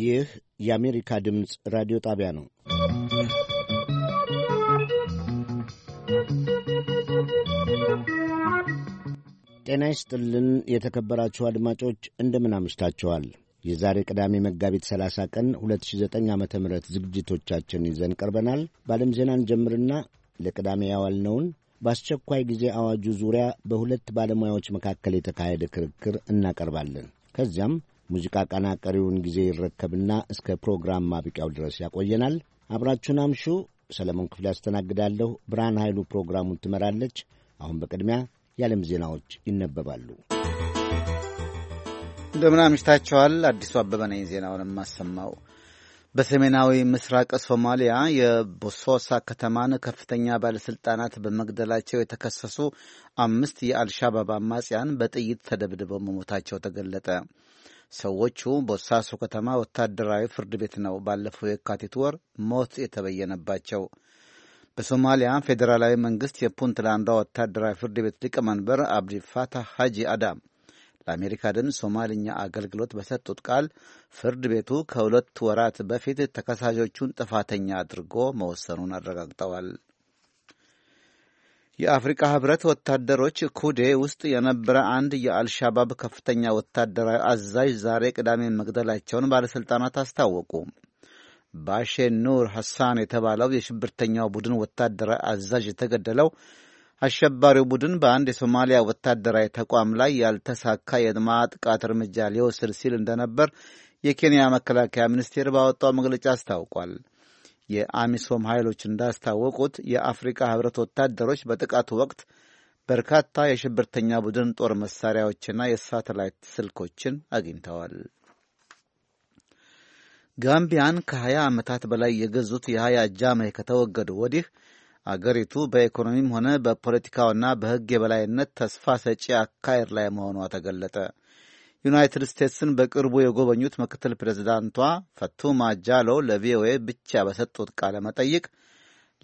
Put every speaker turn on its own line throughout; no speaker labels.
ይህ የአሜሪካ ድምፅ ራዲዮ ጣቢያ ነው። ጤና ይስጥልን የተከበራችሁ አድማጮች እንደምን አምሽታችኋል። የዛሬ ቅዳሜ መጋቢት 30 ቀን 2009 ዓ ም ዝግጅቶቻችን ይዘን ቀርበናል። በዓለም ዜናን ጀምርና ለቅዳሜ ያዋልነውን በአስቸኳይ ጊዜ አዋጁ ዙሪያ በሁለት ባለሙያዎች መካከል የተካሄደ ክርክር እናቀርባለን። ከዚያም ሙዚቃ ቀናቀሪውን ጊዜ ይረከብና እስከ ፕሮግራም ማብቂያው ድረስ ያቆየናል። አብራችሁን አምሹ። ሰለሞን ክፍል ያስተናግዳለሁ። ብርሃን ኃይሉ ፕሮግራሙን ትመራለች። አሁን በቅድሚያ የዓለም ዜናዎች ይነበባሉ።
እንደምን አምሽታችኋል። አዲሱ አበበ ነኝ ዜናውን የማሰማው። በሰሜናዊ ምስራቅ ሶማሊያ የቦሶሳ ከተማን ከፍተኛ ባለሥልጣናት በመግደላቸው የተከሰሱ አምስት የአልሻባብ አማጽያን በጥይት ተደብድበው መሞታቸው ተገለጠ። ሰዎቹ ቦሳሶ ከተማ ወታደራዊ ፍርድ ቤት ነው ባለፈው የካቲት ወር ሞት የተበየነባቸው። በሶማሊያ ፌዴራላዊ መንግስት የፑንትላንዷ ወታደራዊ ፍርድ ቤት ሊቀመንበር አብዲ ፋታህ ሐጂ አዳም ለአሜሪካ ድምፅ ሶማልኛ አገልግሎት በሰጡት ቃል ፍርድ ቤቱ ከሁለት ወራት በፊት ተከሳሾቹን ጥፋተኛ አድርጎ መወሰኑን አረጋግጠዋል። የአፍሪካ ህብረት ወታደሮች ኩዴ ውስጥ የነበረ አንድ የአልሻባብ ከፍተኛ ወታደራዊ አዛዥ ዛሬ ቅዳሜ መግደላቸውን ባለሥልጣናት አስታወቁ። ባሼ ኑር ሐሳን የተባለው የሽብርተኛው ቡድን ወታደራዊ አዛዥ የተገደለው አሸባሪው ቡድን በአንድ የሶማሊያ ወታደራዊ ተቋም ላይ ያልተሳካ የማጥቃት እርምጃ ሊወስድ ሲል እንደነበር የኬንያ መከላከያ ሚኒስቴር ባወጣው መግለጫ አስታውቋል። የአሚሶም ኃይሎች እንዳስታወቁት የአፍሪካ ህብረት ወታደሮች በጥቃቱ ወቅት በርካታ የሽብርተኛ ቡድን ጦር መሳሪያዎችና የሳተላይት ስልኮችን አግኝተዋል። ጋምቢያን ከ20 ዓመታት በላይ የገዙት የሀያ ጃመህ ከተወገዱ ወዲህ አገሪቱ በኢኮኖሚም ሆነ በፖለቲካውና በሕግ የበላይነት ተስፋ ሰጪ አካሄድ ላይ መሆኗ ተገለጠ። ዩናይትድ ስቴትስን በቅርቡ የጎበኙት ምክትል ፕሬዚዳንቷ ፈቱማ ጃሎ ለቪኦኤ ብቻ በሰጡት ቃለ መጠይቅ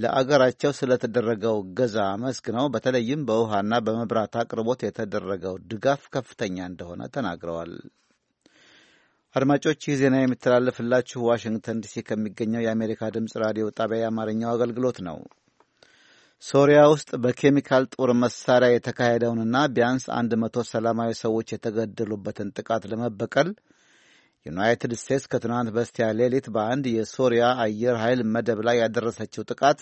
ለአገራቸው ስለተደረገው እገዛ አመስግነው በተለይም በውሃና በመብራት አቅርቦት የተደረገው ድጋፍ ከፍተኛ እንደሆነ ተናግረዋል። አድማጮች ይህ ዜና የሚተላለፍላችሁ ዋሽንግተን ዲሲ ከሚገኘው የአሜሪካ ድምፅ ራዲዮ ጣቢያ የአማርኛው አገልግሎት ነው። ሶሪያ ውስጥ በኬሚካል ጦር መሳሪያ የተካሄደውንና ቢያንስ አንድ መቶ ሰላማዊ ሰዎች የተገደሉበትን ጥቃት ለመበቀል ዩናይትድ ስቴትስ ከትናንት በስቲያ ሌሊት በአንድ የሶሪያ አየር ኃይል መደብ ላይ ያደረሰችው ጥቃት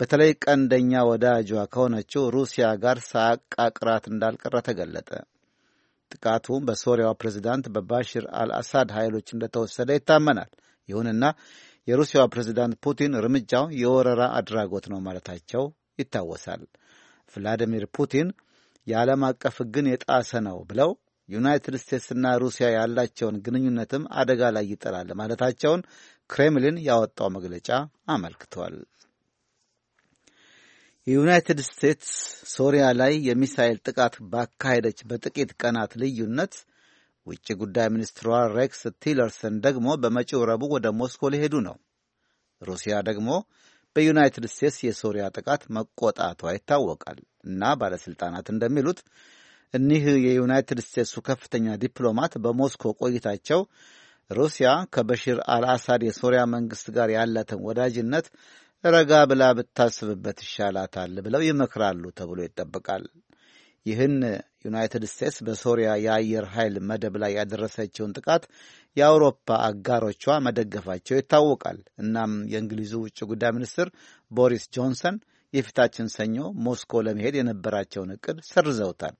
በተለይ ቀንደኛ ወዳጇ ከሆነችው ሩሲያ ጋር ሳቃቅራት እንዳልቀረ ተገለጠ። ጥቃቱ በሶሪያው ፕሬዚዳንት በባሽር አልአሳድ ኃይሎች እንደተወሰደ ይታመናል። ይሁንና የሩሲያ ፕሬዚዳንት ፑቲን እርምጃው የወረራ አድራጎት ነው ማለታቸው ይታወሳል። ቭላዲሚር ፑቲን የዓለም አቀፍ ሕግን የጣሰ ነው ብለው ዩናይትድ ስቴትስና ሩሲያ ያላቸውን ግንኙነትም አደጋ ላይ ይጥላል ማለታቸውን ክሬምሊን ያወጣው መግለጫ አመልክቷል። የዩናይትድ ስቴትስ ሶሪያ ላይ የሚሳኤል ጥቃት ባካሄደች በጥቂት ቀናት ልዩነት ውጭ ጉዳይ ሚኒስትሯ ሬክስ ቲለርሰን ደግሞ በመጪው ረቡዕ ወደ ሞስኮ ሊሄዱ ነው። ሩሲያ ደግሞ በዩናይትድ ስቴትስ የሶሪያ ጥቃት መቆጣቷ ይታወቃል እና ባለሥልጣናት እንደሚሉት እኒህ የዩናይትድ ስቴትሱ ከፍተኛ ዲፕሎማት በሞስኮ ቆይታቸው ሩሲያ ከበሽር አልአሳድ የሶሪያ መንግሥት ጋር ያላትን ወዳጅነት ረጋ ብላ ብታስብበት ይሻላታል ብለው ይመክራሉ ተብሎ ይጠበቃል። ይህን ዩናይትድ ስቴትስ በሶሪያ የአየር ኃይል መደብ ላይ ያደረሰችውን ጥቃት የአውሮፓ አጋሮቿ መደገፋቸው ይታወቃል። እናም የእንግሊዙ ውጭ ጉዳይ ሚኒስትር ቦሪስ ጆንሰን የፊታችን ሰኞ ሞስኮ ለመሄድ የነበራቸውን እቅድ ሰርዘውታል።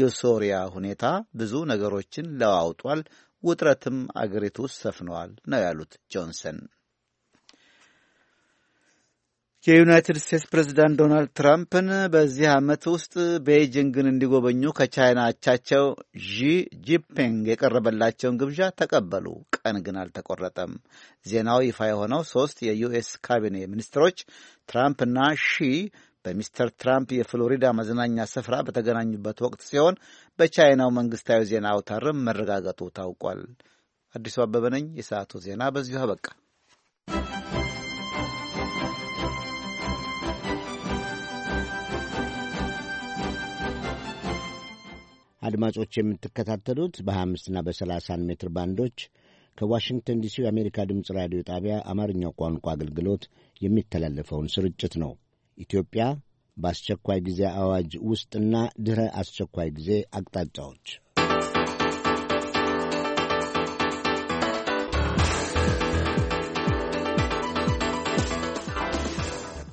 የሶሪያ ሁኔታ ብዙ ነገሮችን ለዋውጧል፣ ውጥረትም አገሪቱ ውስጥ ሰፍነዋል ነው ያሉት ጆንሰን። የዩናይትድ ስቴትስ ፕሬዚዳንት ዶናልድ ትራምፕን በዚህ ዓመት ውስጥ ቤይጂንግን እንዲጎበኙ ከቻይና አቻቸው ዢ ጂንፒንግ የቀረበላቸውን ግብዣ ተቀበሉ። ቀን ግን አልተቆረጠም። ዜናው ይፋ የሆነው ሦስት የዩኤስ ካቢኔ ሚኒስትሮች ትራምፕና ሺ በሚስተር ትራምፕ የፍሎሪዳ መዝናኛ ስፍራ በተገናኙበት ወቅት ሲሆን በቻይናው መንግሥታዊ ዜና አውታርም መረጋገጡ ታውቋል። አዲሱ አበበ ነኝ። የሰዓቱ ዜና በዚሁ አበቃ።
አድማጮች የምትከታተሉት በ25ና በ30 ሜትር ባንዶች ከዋሽንግተን ዲሲ የአሜሪካ ድምፅ ራዲዮ ጣቢያ አማርኛው ቋንቋ አገልግሎት የሚተላለፈውን ስርጭት ነው። ኢትዮጵያ በአስቸኳይ ጊዜ አዋጅ ውስጥና ድረ አስቸኳይ ጊዜ አቅጣጫዎች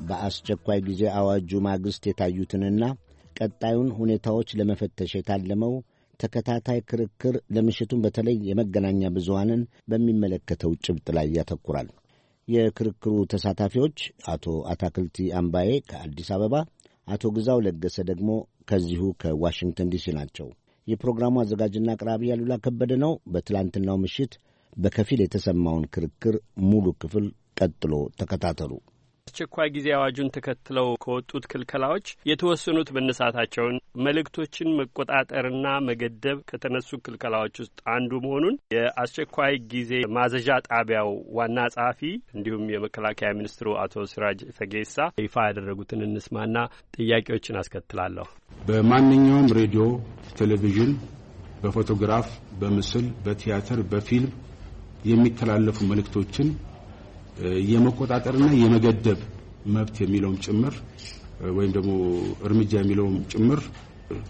በአስቸኳይ ጊዜ አዋጁ ማግስት የታዩትንና ቀጣዩን ሁኔታዎች ለመፈተሽ የታለመው ተከታታይ ክርክር ለምሽቱን በተለይ የመገናኛ ብዙሃንን በሚመለከተው ጭብጥ ላይ ያተኩራል። የክርክሩ ተሳታፊዎች አቶ አታክልቲ አምባዬ ከአዲስ አበባ፣ አቶ ግዛው ለገሰ ደግሞ ከዚሁ ከዋሽንግተን ዲሲ ናቸው። የፕሮግራሙ አዘጋጅና አቅራቢ ያሉላ ከበደ ነው። በትላንትናው ምሽት በከፊል የተሰማውን ክርክር ሙሉ ክፍል ቀጥሎ ተከታተሉ።
አስቸኳይ ጊዜ አዋጁን ተከትለው ከወጡት ክልከላዎች የተወሰኑት መነሳታቸውን መልእክቶችን መቆጣጠርና መገደብ ከተነሱ ክልከላዎች ውስጥ አንዱ መሆኑን የአስቸኳይ ጊዜ ማዘዣ ጣቢያው ዋና ጸሐፊ እንዲሁም የመከላከያ ሚኒስትሩ አቶ ሲራጅ ፈጌሳ ይፋ ያደረጉትን እንስማና ጥያቄዎችን አስከትላለሁ።
በማንኛውም ሬዲዮ፣
ቴሌቪዥን፣ በፎቶግራፍ፣ በምስል፣ በቲያትር፣ በፊልም
የሚተላለፉ መልእክቶችን የመቆጣጠርና የመገደብ መብት የሚለውም ጭምር ወይም ደግሞ እርምጃ የሚለውም ጭምር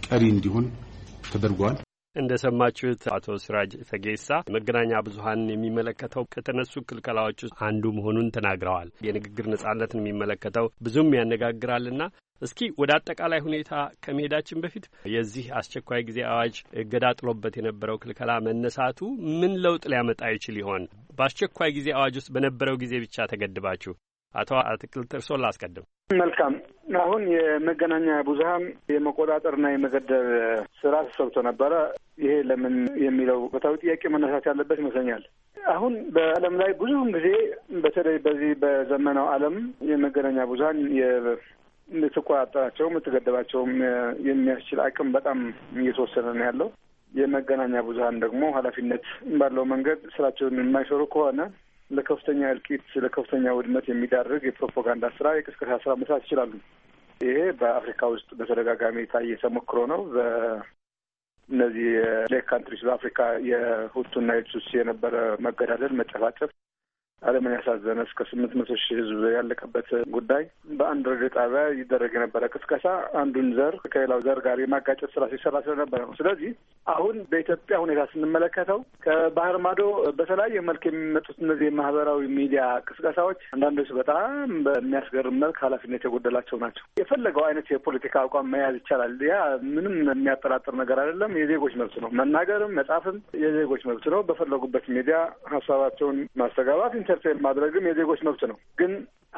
ቀሪ እንዲሆን ተደርጓል።
እንደ ሰማችሁት አቶ ስራጅ ፈጌሳ መገናኛ ብዙኃን የሚመለከተው ከተነሱ ክልከላዎች ውስጥ አንዱ መሆኑን ተናግረዋል። የንግግር ነጻነትን የሚመለከተው ብዙም ያነጋግራልና እስኪ ወደ አጠቃላይ ሁኔታ ከመሄዳችን በፊት የዚህ አስቸኳይ ጊዜ አዋጅ እገዳ ጥሎበት የነበረው ክልከላ መነሳቱ ምን ለውጥ ሊያመጣ ይችል ይሆን? በአስቸኳይ ጊዜ አዋጅ ውስጥ በነበረው ጊዜ ብቻ ተገድባችሁ አቶ አትክልት እርሶን ላስቀድም።
መልካም። አሁን የመገናኛ ብዙኃን የመቆጣጠርና የመገደብ ስራ ተሰብቶ ነበረ። ይሄ ለምን የሚለው በታዊ ጥያቄ መነሳት ያለበት ይመስለኛል። አሁን በዓለም ላይ ብዙውን ጊዜ በተለይ በዚህ በዘመናው ዓለም የመገናኛ ብዙኃን የምትቆጣጠራቸውም የምትገደባቸውም የሚያስችል አቅም በጣም እየተወሰነ ነው ያለው። የመገናኛ ብዙኃን ደግሞ ኃላፊነት ባለው መንገድ ስራቸውን የማይሰሩ ከሆነ ለከፍተኛ እልቂት፣ ለከፍተኛ ውድመት የሚዳርግ የፕሮፓጋንዳ ስራ፣ የቅስቀሳ ስራ መስራት ይችላሉ። ይሄ በአፍሪካ ውስጥ በተደጋጋሚ የታየ ተሞክሮ ነው። እነዚህ የሌክ ካንትሪስ በአፍሪካ የሁቱና የቱትሲ የነበረ መገዳደል፣ መጨፋጨፍ ዓለምን ያሳዘነ እስከ ስምንት መቶ ሺህ ህዝብ ያለቀበት ጉዳይ በአንድ ረዲዮ ጣቢያ ይደረግ የነበረ ቅስቀሳ አንዱን ዘር ከሌላው ዘር ጋር የማጋጨት ስራ ሲሰራ ስለነበረ ነው። ስለዚህ አሁን በኢትዮጵያ ሁኔታ ስንመለከተው ከባህር ማዶ በተለያየ መልክ የሚመጡት እነዚህ የማህበራዊ ሚዲያ ቅስቀሳዎች አንዳንዶች በጣም በሚያስገርም መልክ ኃላፊነት የጎደላቸው ናቸው። የፈለገው አይነት የፖለቲካ አቋም መያዝ ይቻላል። ያ ምንም የሚያጠራጥር ነገር አይደለም። የዜጎች መብት ነው። መናገርም መጻፍም የዜጎች መብት ነው። በፈለጉበት ሚዲያ ሀሳባቸውን ማስተጋባት ኢንተርፌር ማድረግም የዜጎች መብት ነው። ግን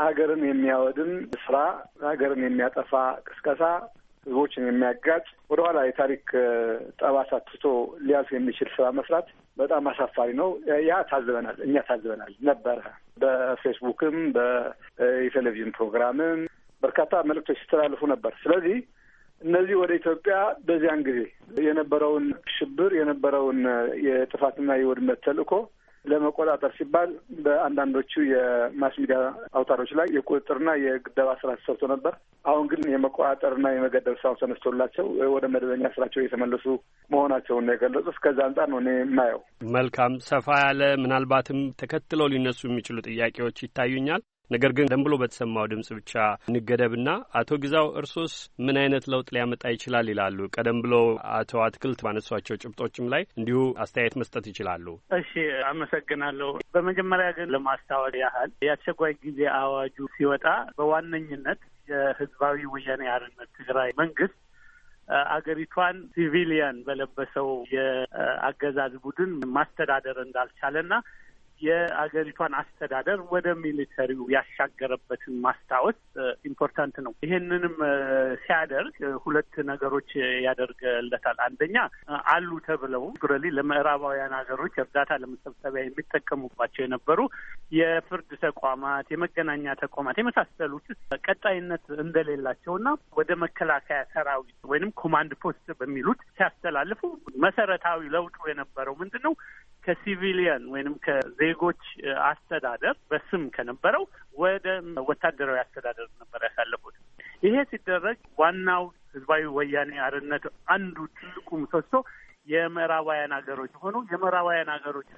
ሀገርን የሚያወድም ስራ፣ ሀገርን የሚያጠፋ ቅስቀሳ፣ ህዝቦችን የሚያጋጭ ወደኋላ የታሪክ ጠባሳ ትቶ ሊያልፍ የሚችል ስራ መስራት በጣም አሳፋሪ ነው። ያ ታዝበናል፣ እኛ ታዝበናል ነበረ። በፌስቡክም በየቴሌቪዥን ፕሮግራምም በርካታ መልእክቶች ሲተላልፉ ነበር። ስለዚህ እነዚህ ወደ ኢትዮጵያ በዚያን ጊዜ የነበረውን ሽብር የነበረውን የጥፋትና የውድመት ተልእኮ ለመቆጣጠር ሲባል በአንዳንዶቹ የማስ ሚዲያ አውታሮች ላይ የቁጥጥርና የግደባ ስራ ተሰርቶ ነበር። አሁን ግን የመቆጣጠርና የመገደብ ስራው ተነስቶላቸው ወደ መደበኛ ስራቸው እየተመለሱ መሆናቸውን ነው የገለጹት። ከዛ አንጻር ነው እኔ የማየው።
መልካም ሰፋ ያለ ምናልባትም ተከትለው ሊነሱ የሚችሉ ጥያቄዎች ይታዩኛል። ነገር ግን ደም ብሎ በተሰማው ድምጽ ብቻ እንገደብና አቶ ግዛው እርሶስ ምን አይነት ለውጥ ሊያመጣ ይችላል ይላሉ? ቀደም ብሎ አቶ አትክልት ባነሷቸው ጭብጦችም ላይ እንዲሁ አስተያየት መስጠት ይችላሉ።
እሺ፣ አመሰግናለሁ። በመጀመሪያ ግን ለማስታወቅ ያህል የአስቸኳይ ጊዜ አዋጁ ሲወጣ በዋነኝነት የህዝባዊ ወያኔ አርነት ትግራይ መንግስት አገሪቷን ሲቪሊያን በለበሰው የአገዛዝ ቡድን ማስተዳደር እንዳልቻለና የአገሪቷን አስተዳደር ወደ ሚሊተሪው ያሻገረበትን ማስታወስ ኢምፖርታንት ነው። ይሄንንም ሲያደርግ ሁለት ነገሮች ያደርግለታል። አንደኛ አሉ ተብለው ጉረሊ ለምዕራባውያን ሀገሮች እርዳታ ለመሰብሰቢያ የሚጠቀሙባቸው የነበሩ የፍርድ ተቋማት፣ የመገናኛ ተቋማት የመሳሰሉት ቀጣይነት እንደሌላቸውና ወደ መከላከያ ሰራዊት ወይንም ኮማንድ ፖስት በሚሉት ሲያስተላልፉ መሰረታዊ ለውጡ የነበረው ምንድን ነው? ከሲቪሊየን ወይንም ከዜጎች አስተዳደር በስም ከነበረው ወደ ወታደራዊ አስተዳደር ነበር ያሳለፉት። ይሄ ሲደረግ ዋናው ህዝባዊ ወያኔ አርነት አንዱ ትልቁ ምሰሶ የምዕራባውያን ሀገሮች ሆኑ የምዕራባውያን ሀገሮች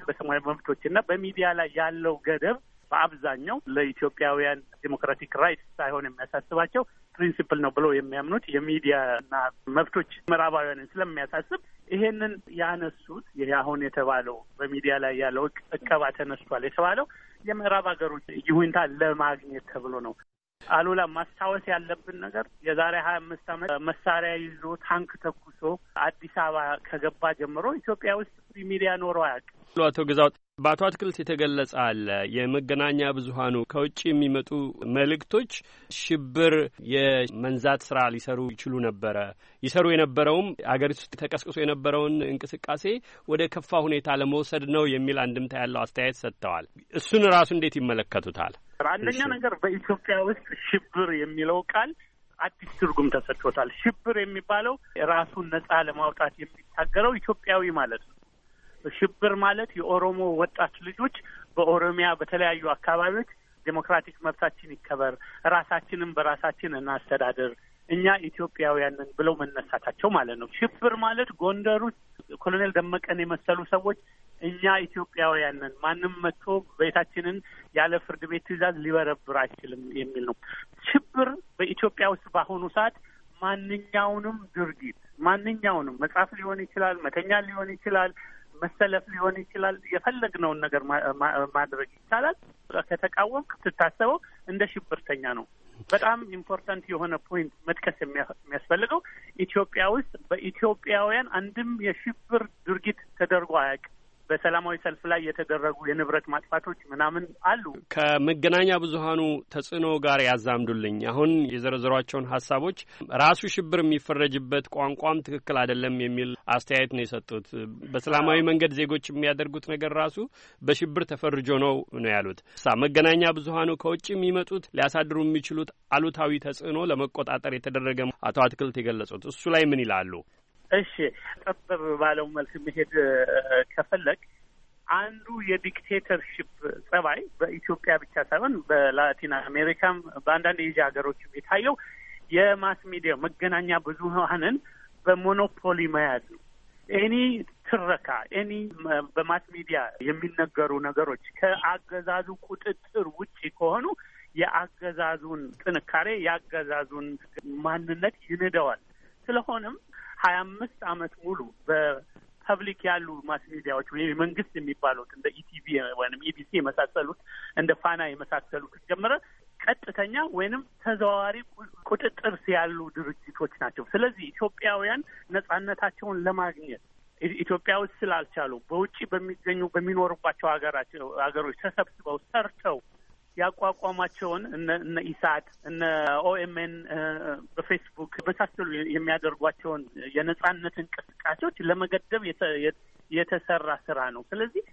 መብቶች እና በሚዲያ ላይ ያለው ገደብ በአብዛኛው ለኢትዮጵያውያን ዴሞክራቲክ ራይት ሳይሆን የሚያሳስባቸው ፕሪንሲፕል ነው ብለው የሚያምኑት የሚዲያና መብቶች ምዕራባውያንን ስለሚያሳስብ ይሄንን ያነሱት። ይሄ አሁን የተባለው በሚዲያ ላይ ያለው እቀባ ተነስቷል የተባለው የምዕራብ ሀገሮች ይሁንታ ለማግኘት ተብሎ ነው። አሉላ ማስታወስ ያለብን ነገር የዛሬ ሀያ አምስት አመት መሳሪያ ይዞ ታንክ ተኩሶ አዲስ አበባ ከገባ ጀምሮ ኢትዮጵያ ውስጥ ፍሪ ሚዲያ ኖሮ አያውቅም።
አቶ ግዛው በአቶ አትክልት የተገለጸ አለ። የመገናኛ ብዙሀኑ ከውጭ የሚመጡ መልእክቶች ሽብር የመንዛት ስራ ሊሰሩ ይችሉ ነበረ። ይሰሩ የነበረውም አገሪቱ ውስጥ ተቀስቅሶ የነበረውን እንቅስቃሴ ወደ ከፋ ሁኔታ ለመውሰድ ነው የሚል አንድምታ ያለው አስተያየት ሰጥተዋል። እሱን ራሱ እንዴት ይመለከቱታል?
አንደኛ ነገር በኢትዮጵያ ውስጥ ሽብር የሚለው ቃል አዲስ ትርጉም ተሰጥቶታል። ሽብር የሚባለው ራሱን ነፃ ለማውጣት የሚታገረው ኢትዮጵያዊ ማለት ነው። ሽብር ማለት የኦሮሞ ወጣት ልጆች በኦሮሚያ በተለያዩ አካባቢዎች ዴሞክራቲክ መብታችን ይከበር፣ ራሳችንን በራሳችን እናስተዳደር፣ እኛ ኢትዮጵያውያንን ብለው መነሳታቸው ማለት ነው። ሽብር ማለት ጎንደር ውስጥ ኮሎኔል ደመቀን የመሰሉ ሰዎች እኛ ኢትዮጵያውያንን ማንም መጥቶ ቤታችንን ያለ ፍርድ ቤት ትዕዛዝ ሊበረብር አይችልም የሚል ነው። ሽብር በኢትዮጵያ ውስጥ በአሁኑ ሰዓት ማንኛውንም ድርጊት ማንኛውንም መጻፍ ሊሆን ይችላል፣ መተኛ ሊሆን ይችላል፣ መሰለፍ ሊሆን ይችላል። የፈለግነውን ነገር ማድረግ ይቻላል። ከተቃወምክ ትታሰበው እንደ ሽብርተኛ ነው። በጣም ኢምፖርታንት የሆነ ፖይንት መጥቀስ የሚያስፈልገው ኢትዮጵያ ውስጥ በኢትዮጵያውያን አንድም የሽብር ድርጊት ተደርጎ አያውቅም። በሰላማዊ ሰልፍ ላይ የተደረጉ የንብረት ማጥፋቶች ምናምን አሉ።
ከመገናኛ ብዙሀኑ ተጽዕኖ ጋር ያዛምዱልኝ። አሁን የዘረዘሯቸውን ሀሳቦች ራሱ ሽብር የሚፈረጅበት ቋንቋም ትክክል አይደለም የሚል አስተያየት ነው የሰጡት። በሰላማዊ መንገድ ዜጎች የሚያደርጉት ነገር ራሱ በሽብር ተፈርጆ ነው ነው ያሉት። ሳ መገናኛ ብዙሀኑ ከውጭ የሚመጡት ሊያሳድሩ የሚችሉት አሉታዊ ተጽዕኖ ለመቆጣጠር የተደረገ አቶ አትክልት የገለጹት እሱ ላይ ምን ይላሉ? እሺ፣
ጠበብ ባለው መልክ መሄድ ከፈለግ አንዱ የዲክቴተርሽፕ ጸባይ በኢትዮጵያ ብቻ ሳይሆን በላቲን አሜሪካም በአንዳንድ የኤዥያ ሀገሮች የታየው የማስ ሚዲያ መገናኛ ብዙኃንን በሞኖፖሊ መያዝ ነው። ኤኒ ትረካ ኤኒ በማስ ሚዲያ
የሚነገሩ ነገሮች
ከአገዛዙ ቁጥጥር ውጪ ከሆኑ የአገዛዙን ጥንካሬ የአገዛዙን ማንነት ይንደዋል። ስለሆነም ሀያ አምስት አመት ሙሉ በፐብሊክ ያሉ ማስ ሚዲያዎች ወይም መንግስት የሚባሉት እንደ ኢቲቪ ወይም ኢቢሲ የመሳሰሉት እንደ ፋና የመሳሰሉት ጀምረ ቀጥተኛ ወይንም ተዘዋዋሪ ቁጥጥር ያሉ ድርጅቶች ናቸው። ስለዚህ ኢትዮጵያውያን ነጻነታቸውን ለማግኘት ኢትዮጵያ ውስጥ ስላልቻሉ በውጭ በሚገኙ በሚኖሩባቸው ሀገራቸው ሀገሮች ተሰብስበው ሰርተው ያቋቋማቸውን እነ ኢሳት እነ ኦኤምኤን በፌስቡክ በሳሰሉ የሚያደርጓቸውን የነጻነት እንቅስቃሴዎች ለመገደብ የተሰራ ስራ ነው። ስለዚህ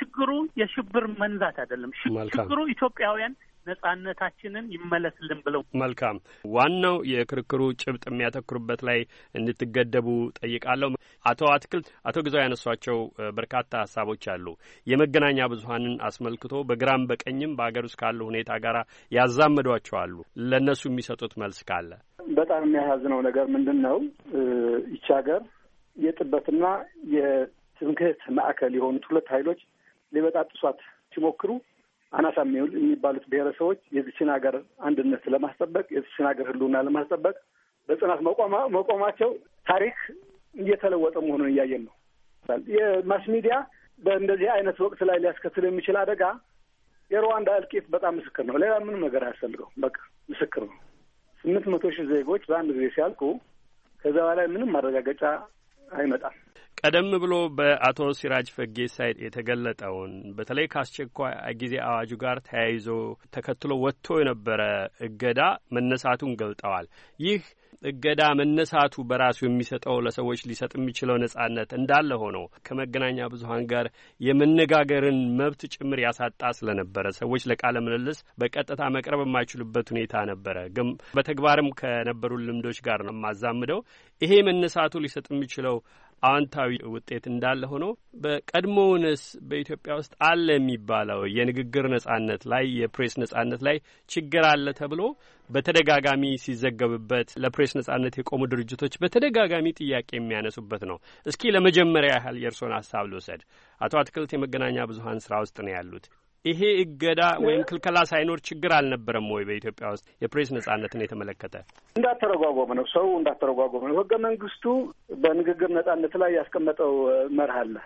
ችግሩ የሽብር መንዛት አይደለም። ችግሩ ኢትዮጵያውያን ነጻነታችንን ይመለስልን ብለው
መልካም ዋናው የክርክሩ ጭብጥ የሚያተኩሩበት ላይ እንድትገደቡ ጠይቃለሁ። አቶ አትክልት አቶ ግዛው ያነሷቸው በርካታ ሀሳቦች አሉ። የመገናኛ ብዙሀንን አስመልክቶ በግራም በቀኝም በሀገር ውስጥ ካለው ሁኔታ ጋር ያዛመዷቸው አሉ። ለእነሱ የሚሰጡት መልስ ካለ
በጣም የሚያሳዝነው ነገር ምንድን ነው? ይቺ ሀገር የጥበትና የትምክህት ማዕከል የሆኑት ሁለት ኃይሎች ሊበጣጥሷት ሲሞክሩ አናሳ የሚባሉት ብሔረሰቦች የዚችን ሀገር አንድነት ለማስጠበቅ የዚችን ሀገር ሕልውና ለማስጠበቅ በጽናት መቆማቸው ታሪክ እየተለወጠ መሆኑን እያየን ነው። የማስ ሚዲያ በእንደዚህ አይነት ወቅት ላይ ሊያስከትል የሚችል አደጋ የሩዋንዳ እልቂት በጣም ምስክር ነው። ሌላ ምንም ነገር አያስፈልገው፣ በቃ ምስክር ነው። ስምንት መቶ ሺህ ዜጎች በአንድ ጊዜ ሲያልቁ ከዛ በላይ ምንም ማረጋገጫ አይመጣም።
ቀደም ብሎ በአቶ ሲራጅ ፈጌሳ የተገለጠውን በተለይ ከአስቸኳይ ጊዜ አዋጁ ጋር ተያይዞ ተከትሎ ወጥቶ የነበረ እገዳ መነሳቱን ገልጠዋል። ይህ እገዳ መነሳቱ በራሱ የሚሰጠው ለሰዎች ሊሰጥ የሚችለው ነጻነት እንዳለ ሆኖ ከመገናኛ ብዙኃን ጋር የመነጋገርን መብት ጭምር ያሳጣ ስለነበረ ሰዎች ለቃለ ምልልስ በቀጥታ መቅረብ የማይችሉበት ሁኔታ ነበረ። ግን በተግባርም ከነበሩ ልምዶች ጋር ነው የማዛምደው። ይሄ መነሳቱ ሊሰጥ የሚችለው አዎንታዊ ውጤት እንዳለ ሆኖ በቀድሞውንስ በኢትዮጵያ ውስጥ አለ የሚባለው የንግግር ነጻነት ላይ የፕሬስ ነጻነት ላይ ችግር አለ ተብሎ በተደጋጋሚ ሲዘገብበት ለፕሬስ ነጻነት የቆሙ ድርጅቶች በተደጋጋሚ ጥያቄ የሚያነሱበት ነው። እስኪ ለመጀመሪያ ያህል የእርስዎን ሀሳብ ልውሰድ። አቶ አትክልት የመገናኛ ብዙኃን ስራ ውስጥ ነው ያሉት። ይሄ እገዳ ወይም ክልከላ ሳይኖር ችግር አልነበረም ወይ? በኢትዮጵያ ውስጥ የፕሬስ ነጻነትን የተመለከተ
እንዳተረጓጎመ ነው ሰው እንዳተረጓጎመ ነው። ህገ መንግስቱ በንግግር ነጻነት ላይ ያስቀመጠው መርህ አለ።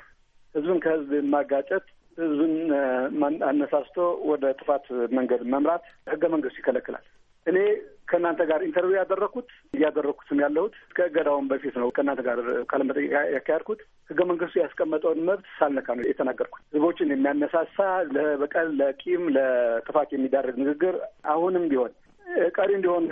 ህዝብን ከህዝብ ማጋጨት፣ ህዝብን አነሳስቶ ወደ ጥፋት መንገድ መምራት ህገ መንግስቱ ይከለክላል። እኔ ከእናንተ ጋር ኢንተርቪው ያደረግኩት እያደረግኩትም ያለሁት ከእገዳውን በፊት ነው። ከእናንተ ጋር ቃለ መጠይቅ ያካሄድኩት ህገ መንግስቱ ያስቀመጠውን መብት ሳልነካ ነው የተናገርኩት። ህዝቦችን የሚያነሳሳ ለበቀል፣ ለቂም፣ ለጥፋት የሚዳረግ ንግግር አሁንም ቢሆን ቀሪ እንዲሆን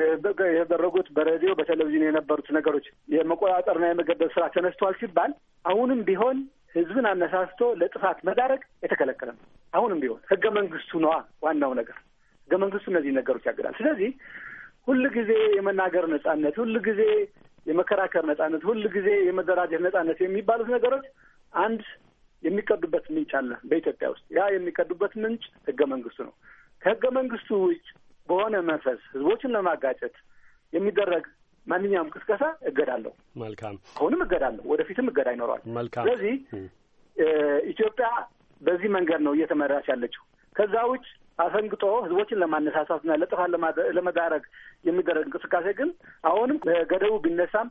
የተደረጉት በሬዲዮ በቴሌቪዥን የነበሩት ነገሮች የመቆጣጠርና የመገደብ ስራ ተነስተዋል ሲባል አሁንም ቢሆን ህዝብን አነሳስቶ ለጥፋት መዳረግ የተከለከለ ነው። አሁንም ቢሆን ህገ መንግስቱ ነዋ ዋናው ነገር ህገ መንግስቱ እነዚህ ነገሮች ያገዳል። ስለዚህ ሁል ጊዜ የመናገር ነጻነት፣ ሁል ጊዜ የመከራከር ነጻነት፣ ሁል ጊዜ የመደራጀት ነጻነት የሚባሉት ነገሮች አንድ የሚቀዱበት ምንጭ አለ በኢትዮጵያ ውስጥ። ያ የሚቀዱበት ምንጭ ህገ መንግስቱ ነው። ከህገ መንግስቱ ውጭ በሆነ መንፈስ ህዝቦችን ለማጋጨት የሚደረግ ማንኛውም ቅስቀሳ እገዳለሁ። መልካም አሁንም እገዳለሁ፣ ወደፊትም እገዳ ይኖረዋል። መልካም። ስለዚህ ኢትዮጵያ በዚህ መንገድ ነው እየተመራች ያለችው። ከዛ ውጭ አፈንግጦ ህዝቦችን ለማነሳሳትና ለጥፋት ለመዳረግ የሚደረግ እንቅስቃሴ ግን አሁንም ገደቡ ቢነሳም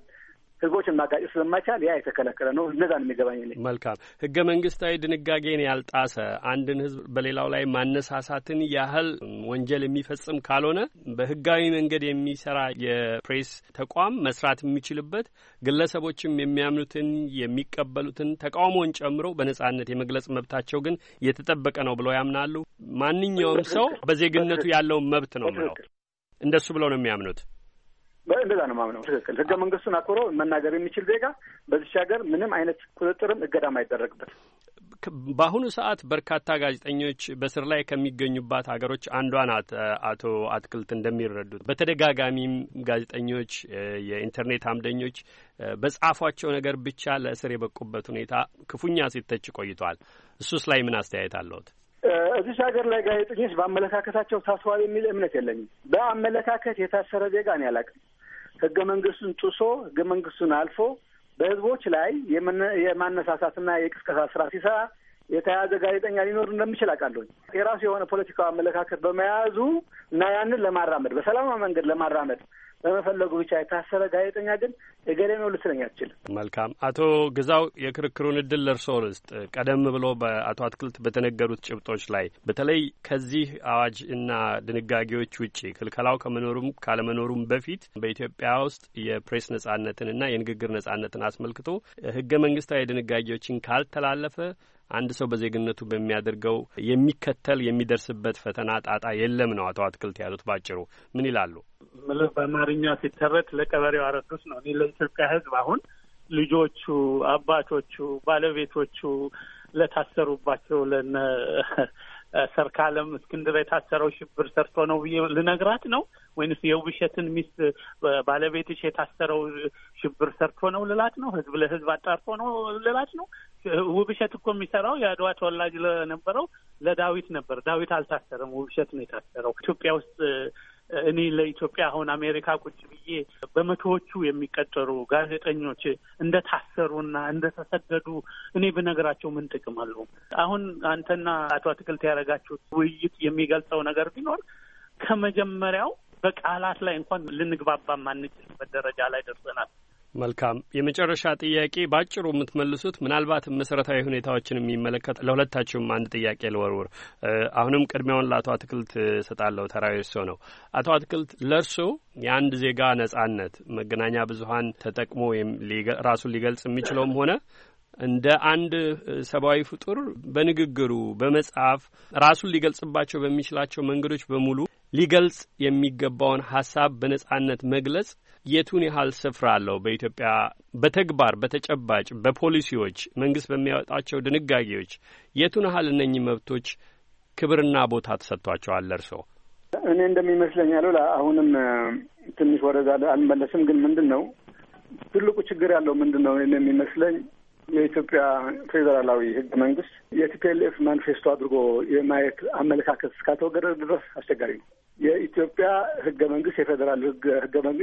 ህዝቦችን ማጋጨት ስለማይቻል ያ የተከለከለ ነው። ነው የሚገባኝ
መልካም ህገ መንግስታዊ ድንጋጌን ያልጣሰ አንድን ህዝብ በሌላው ላይ ማነሳሳትን ያህል ወንጀል የሚፈጽም ካልሆነ በህጋዊ መንገድ የሚሰራ የፕሬስ ተቋም መስራት የሚችልበት ግለሰቦችም የሚያምኑትን የሚቀበሉትን ተቃውሞን ጨምሮ በነጻነት የመግለጽ መብታቸው ግን የተጠበቀ ነው ብለው ያምናሉ። ማንኛውም ሰው በዜግነቱ ያለውን መብት ነው ምለው እንደሱ ብለው ነው የሚያምኑት።
እንደዛ ነው ማምነው። ትክክል ህገ መንግስቱን አክብሮ መናገር የሚችል ዜጋ በዚች ሀገር ምንም አይነት ቁጥጥርም እገዳም አይደረግበት።
በአሁኑ ሰዓት በርካታ ጋዜጠኞች በስር ላይ ከሚገኙባት ሀገሮች አንዷ ናት። አቶ አትክልት እንደሚረዱት በተደጋጋሚም ጋዜጠኞች፣ የኢንተርኔት አምደኞች በጻፏቸው ነገር ብቻ ለእስር የበቁበት ሁኔታ ክፉኛ ሲተች ቆይቷል። እሱስ ላይ ምን አስተያየት አለሁት?
እዚች ሀገር ላይ ጋዜጠኞች በአመለካከታቸው ታስሯል የሚል እምነት የለኝም። በአመለካከት የታሰረ ዜጋ እኔ አላውቅም። ህገ መንግስቱን ጥሶ ህገ መንግስቱን አልፎ በህዝቦች ላይ የማነሳሳትና የቅስቀሳ ስራ ሲሰራ የተያዘ ጋዜጠኛ ሊኖር እንደሚችል አውቃለሁኝ። የራሱ የሆነ ፖለቲካዊ አመለካከት በመያዙ እና ያንን ለማራመድ በሰላማዊ መንገድ ለማራመድ በመፈለጉ ብቻ የታሰረ ጋዜጠኛ ግን እገሌ ነው ልትለኝ አትችልም።
መልካም አቶ ግዛው የክርክሩን እድል ለእርስዎ ልስጥ። ቀደም ብሎ በአቶ አትክልት በተነገሩት ጭብጦች ላይ በተለይ ከዚህ አዋጅ እና ድንጋጌዎች ውጪ ክልከላው ከመኖሩም ካለመኖሩም በፊት በኢትዮጵያ ውስጥ የፕሬስ ነጻነትንና የንግግር ነጻነትን አስመልክቶ ህገ መንግስታዊ ድንጋጌዎችን ካልተላለፈ አንድ ሰው በዜግነቱ በሚያደርገው የሚከተል የሚደርስበት ፈተና ጣጣ የለም ነው አቶ አትክልት ያሉት ባጭሩ ምን ይላሉ?
ምልህ በአማርኛ ሲተረት ለቀበሬው አረዱስ ነው። እኔ ለኢትዮጵያ ሕዝብ አሁን ልጆቹ፣ አባቶቹ፣ ባለቤቶቹ ለታሰሩባቸው ለነ ሰርካለም እስክንድር የታሰረው ሽብር ሰርቶ ነው ብዬ ልነግራት ነው ወይንስ የውብሸትን ሚስት ባለቤትሽ የታሰረው ሽብር ሰርቶ ነው ልላት ነው? ህዝብ ለህዝብ አጣርቶ ነው ልላት ነው? ውብሸት እኮ የሚሰራው የአድዋ ተወላጅ ለነበረው ለዳዊት ነበር። ዳዊት አልታሰረም፣ ውብሸት ነው የታሰረው። ኢትዮጵያ ውስጥ እኔ ለኢትዮጵያ አሁን አሜሪካ ቁጭ ብዬ በመቶዎቹ የሚቀጠሩ ጋዜጠኞች እንደታሰሩና እንደተሰደዱ እኔ ብነግራቸው ምን ጥቅም አለው? አሁን አንተና አቶ አትክልት ያደረጋችሁት ውይይት የሚገልጸው ነገር ቢኖር ከመጀመሪያው በቃላት ላይ እንኳን ልንግባባ ማንችልበት ደረጃ ላይ ደርሰናል።
መልካም የመጨረሻ ጥያቄ በአጭሩ የምትመልሱት ምናልባት መሰረታዊ ሁኔታዎችን የሚመለከት ለሁለታችሁም አንድ ጥያቄ ልወርውር። አሁንም ቅድሚያውን ለአቶ አትክልት ሰጣለሁ፣ ተራዊ እርሶ ነው። አቶ አትክልት ለእርሶ የአንድ ዜጋ ነጻነት መገናኛ ብዙኃን ተጠቅሞ ራሱን ሊገልጽ የሚችለውም ሆነ እንደ አንድ ሰብአዊ ፍጡር በንግግሩ በመጽሐፍ ራሱን ሊገልጽባቸው በሚችላቸው መንገዶች በሙሉ ሊገልጽ የሚገባውን ሀሳብ በነጻነት መግለጽ የቱን ያህል ስፍራ አለው? በኢትዮጵያ በተግባር በተጨባጭ በፖሊሲዎች መንግስት በሚያወጣቸው ድንጋጌዎች የቱን ያህል እነኚህ መብቶች ክብርና ቦታ ተሰጥቷቸዋል ለእርሶ
እኔ እንደሚመስለኝ አሉላ፣ አሁንም ትንሽ ወደዛ አልመለስም። ግን ምንድን ነው ትልቁ ችግር ያለው ምንድን ነው የሚመስለኝ የኢትዮጵያ ፌዴራላዊ ህገ መንግስት የቲፒኤልኤፍ ማኒፌስቶ አድርጎ የማየት አመለካከት እስካተወገደ ድረስ አስቸጋሪ ነው። የኢትዮጵያ ህገ መንግስት የፌዴራል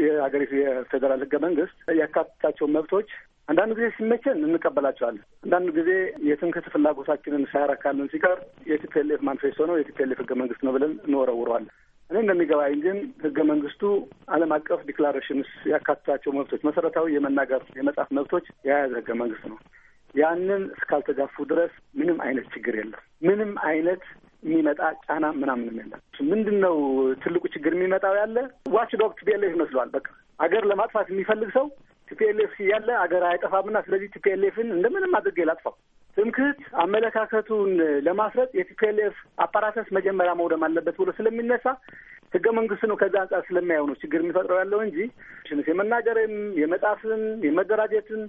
የሀገሪቱ የፌዴራል ህገ መንግስት ያካትታቸውን መብቶች አንዳንድ ጊዜ ሲመቸን እንቀበላቸዋለን። አንዳንድ ጊዜ የትምክህት ፍላጎታችንን ሳያረካልን ሲቀር የቲፒኤልኤፍ ማንፌስቶ ነው የቲፒኤልኤፍ ህገ መንግስት ነው ብለን እንወረውረዋለን። እኔ እንደሚገባኝ ግን ህገ መንግስቱ ዓለም አቀፍ ዲክላሬሽንስ ያካትታቸው መብቶች መሰረታዊ የመናገር የመጻፍ መብቶች የያዘ ህገ መንግስት ነው። ያንን እስካልተጋፉ ድረስ ምንም አይነት ችግር የለም። ምንም አይነት የሚመጣ ጫና ምናምን የለም። ምንድን ነው ትልቁ ችግር የሚመጣው ያለ ዋች ዶግ ቲፒኤልኤፍ ይመስለዋል። በቃ አገር ለማጥፋት የሚፈልግ ሰው ቲፒኤልኤፍ ያለ አገር አይጠፋምና ስለዚህ ቲፒኤልኤፍን እንደምንም አድርጌ ላጥፋው ትምክህት አመለካከቱን ለማስረጥ የቲፒኤልኤፍ አፓራተስ መጀመሪያ መውደም አለበት ብሎ ስለሚነሳ ህገ መንግስት ነው ከዛ አንጻር ስለሚያየው ነው ችግር የሚፈጥረው ያለው እንጂ የመናገርም የመጣፍን፣ የመደራጀትም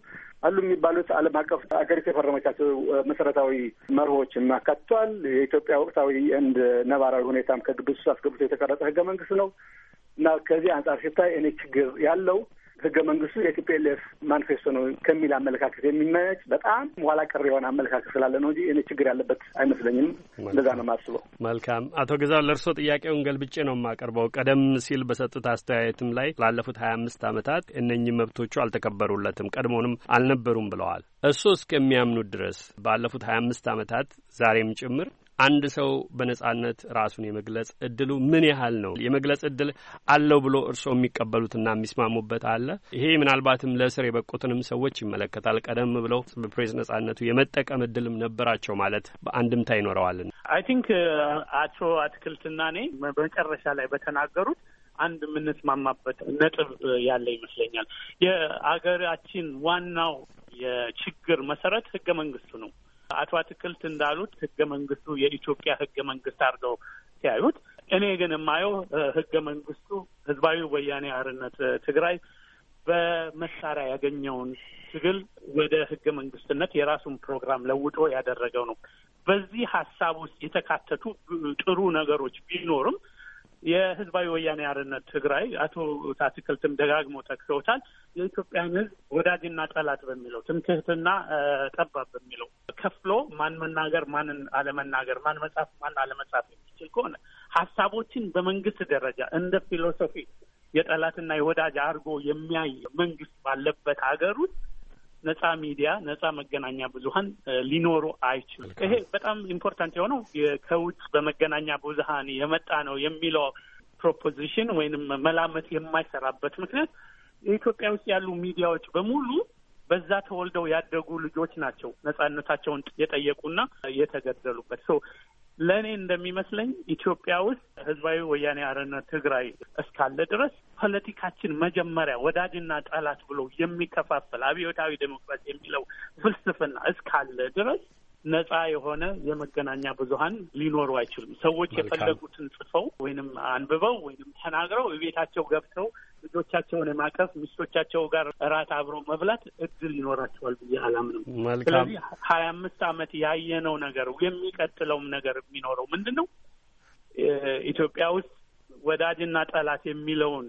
አሉ የሚባሉት ዓለም አቀፍ አገሪቱ የፈረመቻቸው መሰረታዊ መርሆችን አካትቷል። የኢትዮጵያ ወቅታዊ እንደ ነባራዊ ሁኔታም ከግብስ አስገብቶ የተቀረጸ ህገ መንግስት ነው እና ከዚህ አንጻር ሲታይ እኔ ችግር ያለው ህገ መንግስቱ የቲፒኤልኤፍ ማኒፌስቶ ነው ከሚል አመለካከት የሚመነጭ በጣም ኋላ ቀር የሆነ አመለካከት ስላለ ነው እንጂ እኔ ችግር ያለበት አይመስለኝም። እንደዛ ነው የማስበው።
መልካም አቶ ገዛው ለእርሶ ጥያቄውን ገልብጬ ነው የማቀርበው። ቀደም ሲል በሰጡት አስተያየትም ላይ ላለፉት ሀያ አምስት አመታት እነኚህ መብቶቹ አልተከበሩለትም፣ ቀድሞውንም አልነበሩም ብለዋል። እሱ እስከሚያምኑት ድረስ ባለፉት ሀያ አምስት አመታት ዛሬም ጭምር አንድ ሰው በነጻነት ራሱን የመግለጽ እድሉ ምን ያህል ነው? የመግለጽ እድል አለው ብሎ እርስዎ የሚቀበሉትና የሚስማሙበት አለ? ይሄ ምናልባትም ለእስር የበቁትንም ሰዎች ይመለከታል። ቀደም ብለው በፕሬስ ነጻነቱ የመጠቀም እድልም ነበራቸው ማለት በአንድምታ ይኖረዋልና
አይ ቲንክ አቶ አትክልትና እኔ መጨረሻ ላይ በተናገሩት አንድ የምንስማማበት ነጥብ ያለ ይመስለኛል። የአገራችን ዋናው የችግር መሰረት ህገ መንግስቱ ነው። አቶ አትክልት እንዳሉት ህገ መንግስቱ የኢትዮጵያ ህገ መንግስት አድርገው ሲያዩት፣ እኔ ግን የማየው ህገ መንግስቱ ህዝባዊ ወያኔ አርነት ትግራይ በመሳሪያ ያገኘውን ትግል ወደ ህገ መንግስትነት የራሱን ፕሮግራም ለውጦ ያደረገው ነው። በዚህ ሀሳብ ውስጥ የተካተቱ ጥሩ ነገሮች ቢኖርም የህዝባዊ ወያኔ አርነት ትግራይ አቶ አትክልትም ደጋግሞ ጠቅሰውታል። የኢትዮጵያን ህዝብ ወዳጅና ጠላት በሚለው ትምክህትና ጠባብ በሚለው ከፍሎ ማን መናገር ማንን አለመናገር፣ ማን መጻፍ ማን አለመጻፍ የሚችል ከሆነ ሀሳቦችን በመንግስት ደረጃ እንደ ፊሎሶፊ የጠላትና የወዳጅ አድርጎ የሚያይ መንግስት ባለበት ሀገር ውስጥ ነጻ ሚዲያ፣ ነጻ መገናኛ ብዙሀን ሊኖሩ አይችሉም። ይሄ በጣም ኢምፖርታንት የሆነው ከውጭ በመገናኛ ብዙሀን የመጣ ነው የሚለው ፕሮፖዚሽን ወይንም መላመት የማይሰራበት ምክንያት የኢትዮጵያ ውስጥ ያሉ ሚዲያዎች በሙሉ በዛ ተወልደው ያደጉ ልጆች ናቸው ነጻነታቸውን የጠየቁና የተገደሉበት። ለእኔ እንደሚመስለኝ ኢትዮጵያ ውስጥ ህዝባዊ ወያኔ አረነ ትግራይ እስካለ ድረስ ፖለቲካችን መጀመሪያ ወዳጅና ጠላት ብሎ የሚከፋፈል አብዮታዊ ዴሞክራሲ የሚለው ፍልስፍና እስካለ ድረስ ነጻ የሆነ የመገናኛ ብዙኃን ሊኖሩ አይችሉም።
ሰዎች የፈለጉትን
ጽፈው ወይንም አንብበው ወይንም ተናግረው ቤታቸው ገብተው ልጆቻቸውን የማቀፍ ሚስቶቻቸው ጋር እራት አብሮ መብላት እድል ይኖራቸዋል ብዬ
አላምንም። ስለዚህ
ሀያ አምስት አመት ያየነው ነገር የሚቀጥለውም ነገር የሚኖረው ምንድን ነው? ኢትዮጵያ ውስጥ ወዳጅና ጠላት የሚለውን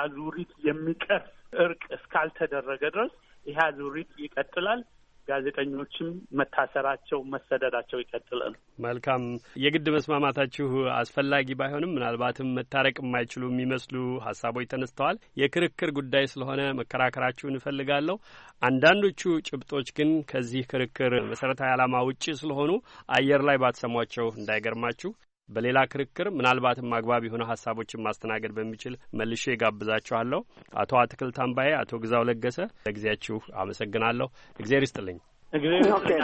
አዙሪት የሚቀርፍ እርቅ እስካልተደረገ ድረስ ይህ አዙሪት ይቀጥላል። ጋዜጠኞችም መታሰራቸው፣ መሰደዳቸው ይቀጥላል።
መልካም የግድ መስማማታችሁ አስፈላጊ ባይሆንም ምናልባትም መታረቅ የማይችሉ የሚመስሉ ሀሳቦች ተነስተዋል። የክርክር ጉዳይ ስለሆነ መከራከራችሁን እፈልጋለሁ። አንዳንዶቹ ጭብጦች ግን ከዚህ ክርክር መሰረታዊ ዓላማ ውጪ ስለሆኑ አየር ላይ ባትሰሟቸው እንዳይገርማችሁ። በሌላ ክርክር ምናልባትም አግባብ የሆነ ሀሳቦችን ማስተናገድ በሚችል መልሼ የጋብዛችኋለሁ። አቶ አትክልት አምባዬ፣ አቶ ግዛው ለገሰ ለጊዜያችሁ አመሰግናለሁ። እግዜር ይስጥልኝ።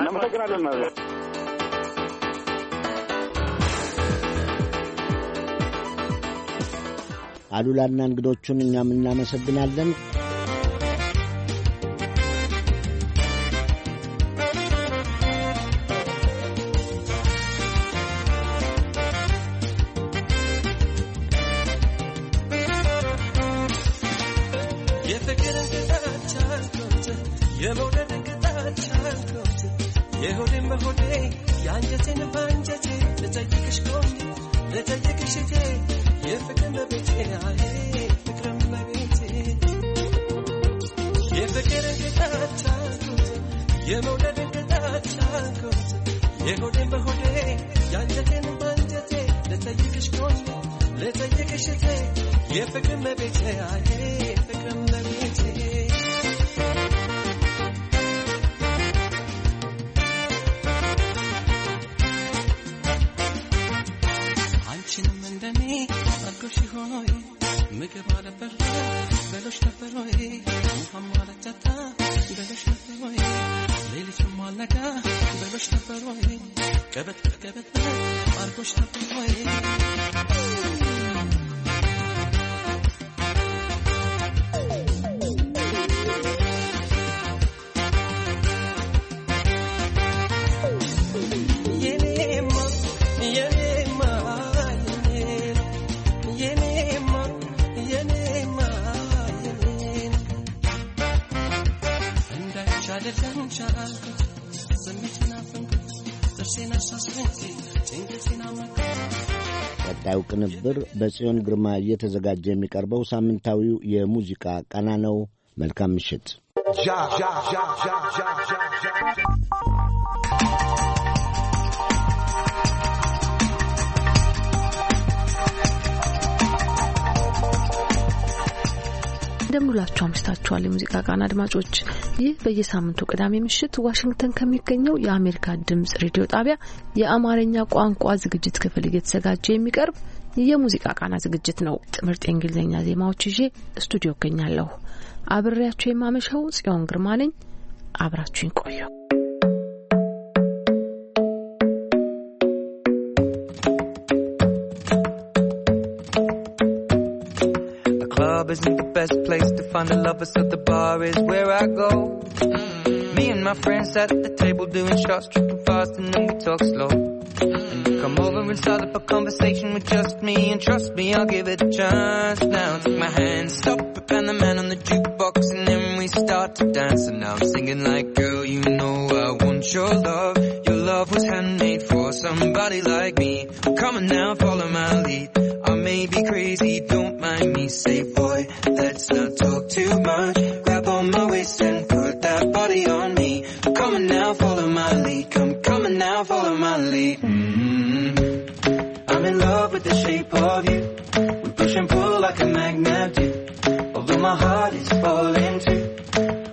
እናመሰግናለን።
አሉላና እንግዶቹን እኛም እናመሰግናለን።
የፍቅርን ቅጣት ቻልኩት የመውደድን ቅጣት ቻልኩት የሆዴን በሆዴ የአንጀቴን and then
ቅንብር በጽዮን ግርማ እየተዘጋጀ የሚቀርበው ሳምንታዊው የሙዚቃ ቃና ነው። መልካም ምሽት።
እንደምንላችሁ አምሽታችኋል። የሙዚቃ ቃና አድማጮች፣ ይህ በየሳምንቱ ቅዳሜ ምሽት ዋሽንግተን ከሚገኘው የአሜሪካ ድምጽ ሬዲዮ ጣቢያ የአማርኛ ቋንቋ ዝግጅት ክፍል እየተዘጋጀ የሚቀርብ የሙዚቃ ቃና ዝግጅት ነው። ጥምርጥ የእንግሊዝኛ ዜማዎች ይዤ ስቱዲዮ እገኛለሁ። አብሬያችሁ የማመሸው ጽዮን ግርማ ነኝ። አብራችሁኝ ቆዩ።
isn't the best place to find a lover, so the bar is where I go. Mm -hmm. Me and my friends at the table doing shots, tripping fast, and then we talk slow. Come over and start up a conversation with just me, and trust me, I'll give it a chance. Now take my hand, stop it, and the man on the jukebox, and then we start to dance. And now I'm singing like, girl, you know I want your love. Your love was handmade for somebody like me. Come on now, follow my lead. I may be crazy, don't mind me. Say, boy, let's not talk too much. Grab on my waist and Mm-hmm. I'm in love with the shape of you. We push and pull like a magnet do. Although my heart is falling too.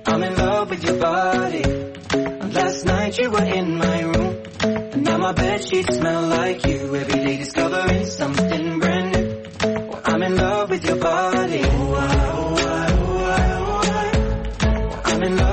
I'm in love with your body. And last night you were in my room. And now my bed sheets smell like you. Every day discovering something brand new. Well, I'm in love with your body. Oh, I, oh, I, oh, I, I'm in love.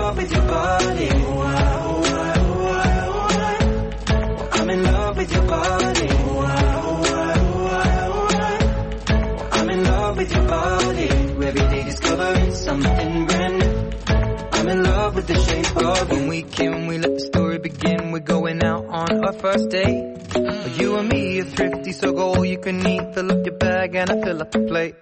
the shape of when we can. We let the story begin. We're going out on our first date. you and me are thrifty, so go all you can eat. Fill up your bag and I fill up the plate.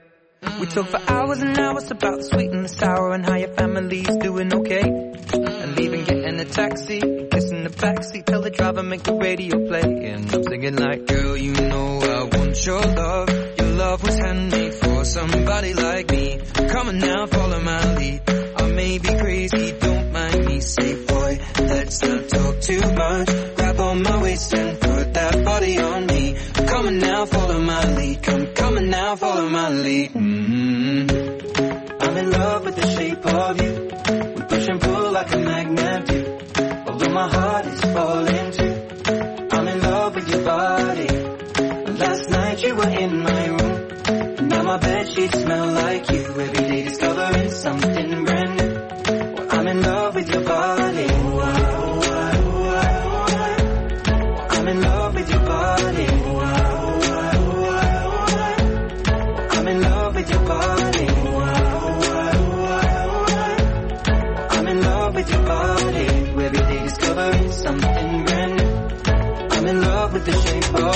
We talk for hours and hours about the sweet and the sour and how your family's doing okay. And leaving, getting a taxi, kissing the backseat, tell the driver make the radio play. And I'm singing like, girl, you know I want your love. Your love was handmade for somebody like me. Come on now, follow my lead. I may be crazy, don't me, say, boy, let's not talk too much. Grab on my waist and put that body on me. I'm coming now, follow my lead. Come coming now, follow my lead. Mm -hmm. I'm in love with the shape of you. We push and pull like a magnet do. Although my heart is falling too. I'm in love with your body. Last night you were in my room. Now my bed sheets smell like you every day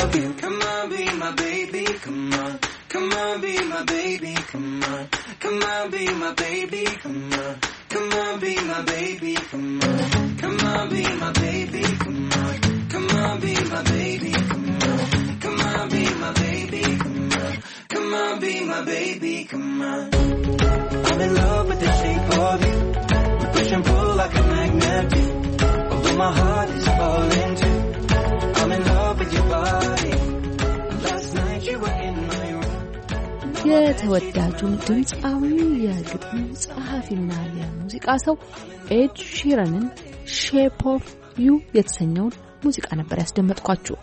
love you. Come on, be my baby, come on. Come on, be my baby, come on. Come on, be my baby, come on. Come on, be my baby, come on. Come on, be my baby, come on. Come on, be my baby, come on. Come on, be my baby, come on. Come on, be my baby, come on. I'm in love with the shape of you. We push and pull like a magnet do. Although my heart is falling too.
የተወዳጁን ድምፃዊ የግጥም ጸሐፊና የሙዚቃ ሰው ኤድ ሺረንን ሼፕ ኦፍ ዩ የተሰኘውን ሙዚቃ ነበር ያስደመጥኳችሁ።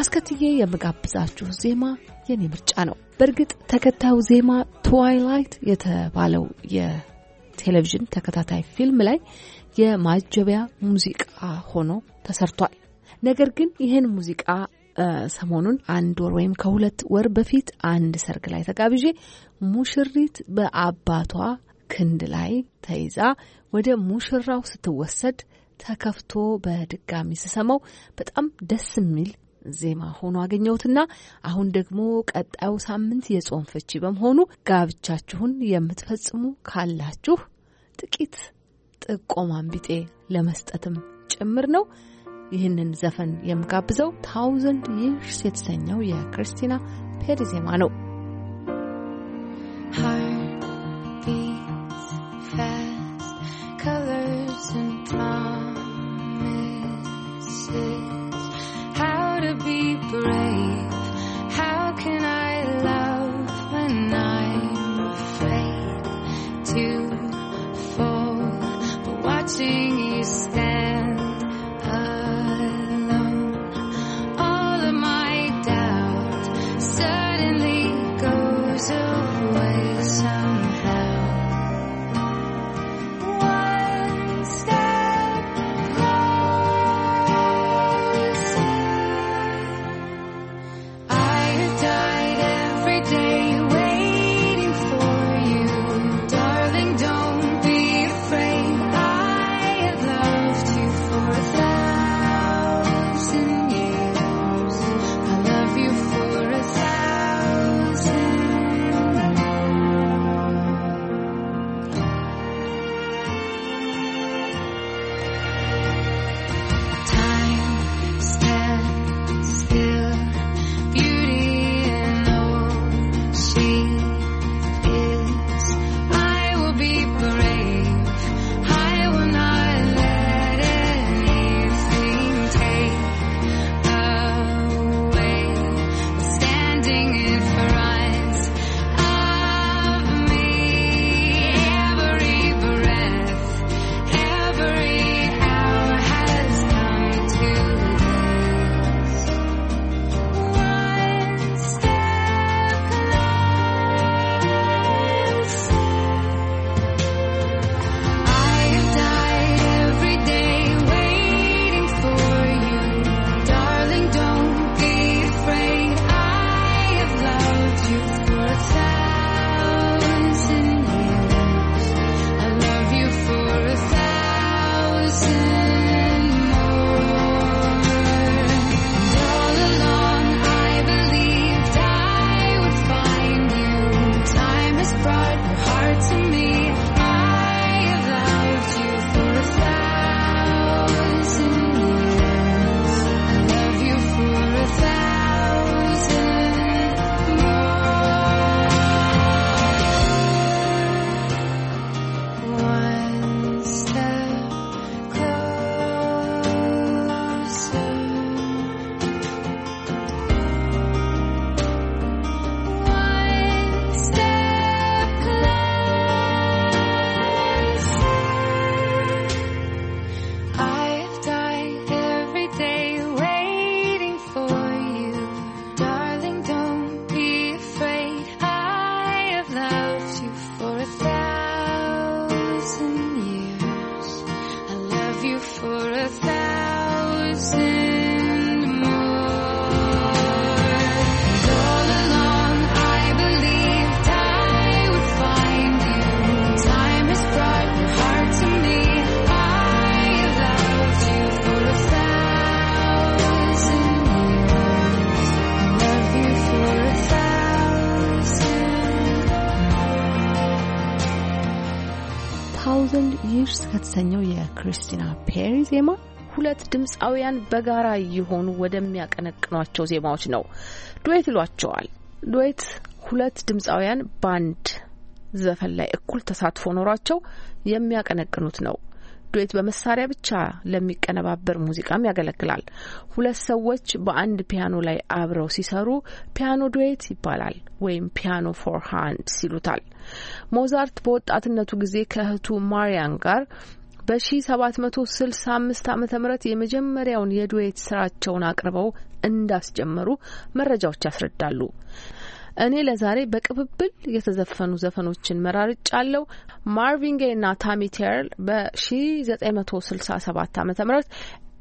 አስከትዬ የምጋብዛችሁ ዜማ የኔ ምርጫ ነው። በእርግጥ ተከታዩ ዜማ ትዋይላይት የተባለው የቴሌቪዥን ተከታታይ ፊልም ላይ የማጀቢያ ሙዚቃ ሆኖ ተሰርቷል። ነገር ግን ይህን ሙዚቃ ሰሞኑን አንድ ወር ወይም ከሁለት ወር በፊት አንድ ሰርግ ላይ ተጋብዤ ሙሽሪት በአባቷ ክንድ ላይ ተይዛ ወደ ሙሽራው ስትወሰድ ተከፍቶ በድጋሚ ስሰማው በጣም ደስ የሚል ዜማ ሆኖ አገኘሁትና አሁን ደግሞ ቀጣዩ ሳምንት የጾም ፍቺ በመሆኑ ጋብቻችሁን የምትፈጽሙ ካላችሁ ጥቂት ጥቆማን ቢጤ ለመስጠትም ጭምር ነው። ይህንን ዘፈን የምጋብዘው ታውዘንድ ይርስ የተሰኘው የክርስቲና ፔሪዜማ ነው። ዜማ ሁለት ድምፃውያን በጋራ እየሆኑ ወደሚያቀነቅኗቸው ዜማዎች ነው። ዱዌት ይሏቸዋል። ዱዌት ሁለት ድምፃውያን ባንድ ዘፈን ላይ እኩል ተሳትፎ ኖሯቸው የሚያቀነቅኑት ነው። ዱዌት በመሳሪያ ብቻ ለሚቀነባበር ሙዚቃም ያገለግላል። ሁለት ሰዎች በአንድ ፒያኖ ላይ አብረው ሲሰሩ ፒያኖ ዱዌት ይባላል ወይም ፒያኖ ፎር ሃንድ ሲሉታል። ሞዛርት በወጣትነቱ ጊዜ ከእህቱ ማሪያን ጋር በ1765 ዓ ም የመጀመሪያውን የዱዌት ስራቸውን አቅርበው እንዳስጀመሩ መረጃዎች ያስረዳሉ። እኔ ለዛሬ በቅብብል የተዘፈኑ ዘፈኖችን መራርጫ አለው። ማርቪን ጌይ እና ታሚ ቴርል በ1967 ዓ ም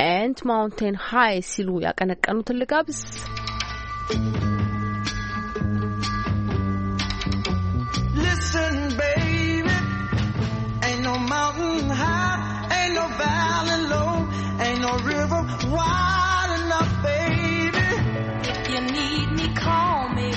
ኤንት ማውንቴን ሃይ ሲሉ ያቀነቀኑትን ልጋብዝ።
Listen, baby. no mountain high, ain't no valley low, ain't no river wide enough, baby. If you
need me, call me.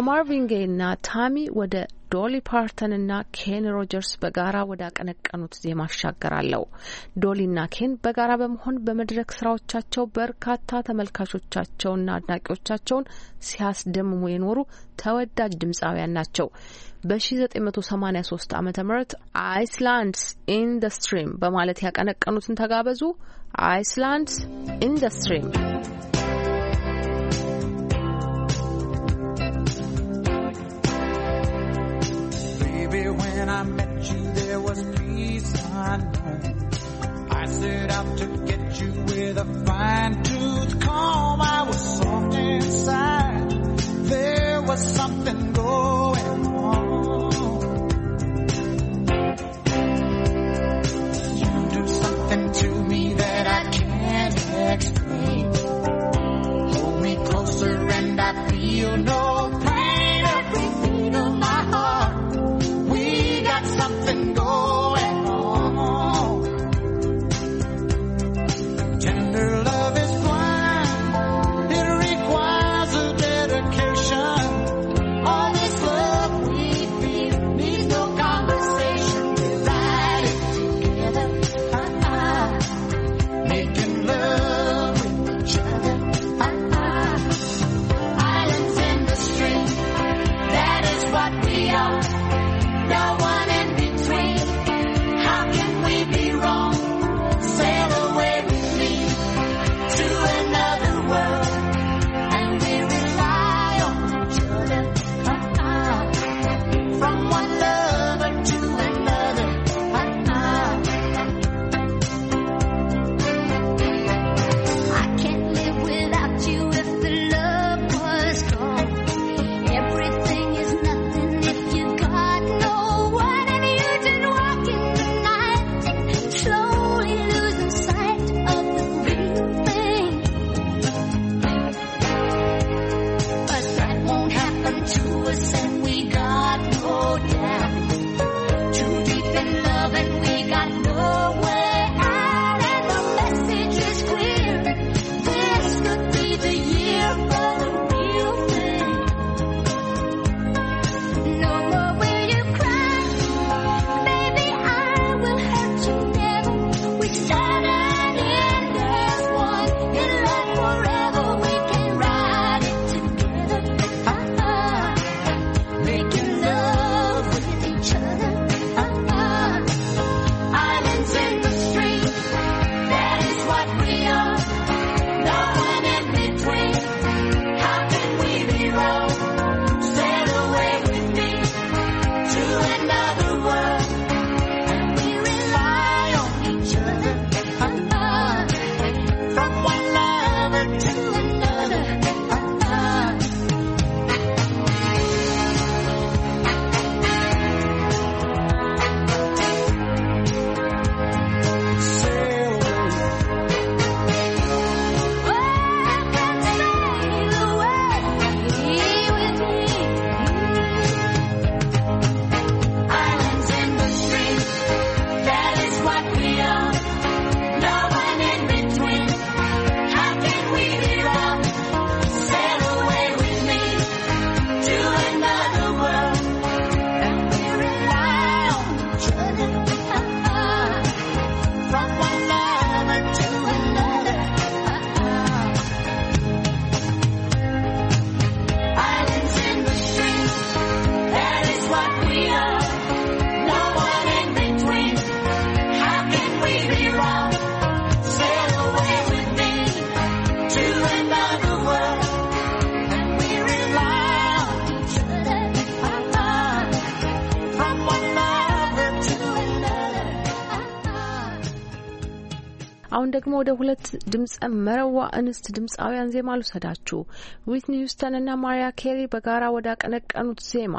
ከማርቪን ጌይና ታሚ ወደ ዶሊ ፓርተንና ኬን ሮጀርስ በጋራ ወዳቀነቀኑት ዜማ አሻገራለሁ። ዶሊና ኬን በጋራ በመሆን በመድረክ ስራዎቻቸው በርካታ ተመልካቾቻቸውና አድናቂዎቻቸውን ሲያስደምሙ የኖሩ ተወዳጅ ድምፃውያን ናቸው። በ1983 ዓ ም አይስላንድስ ኢንደስትሪም በማለት ያቀነቀኑትን ተጋበዙ። አይስላንድስ ኢንደስትሪም
Baby, when I met you, there was peace unknown. I set out to get you with a fine tooth comb. I was soft inside.
There was something going on. You do something to me that I can't explain. Hold me closer and I feel no pain.
ወደ ሁለት ድምጸ መረዋ እንስት ድምፃውያን ዜማ ልውሰዳችሁ። ዊትኒ ና ማሪያ ኬሪ በጋራ ወዳቀነቀኑት ዜማ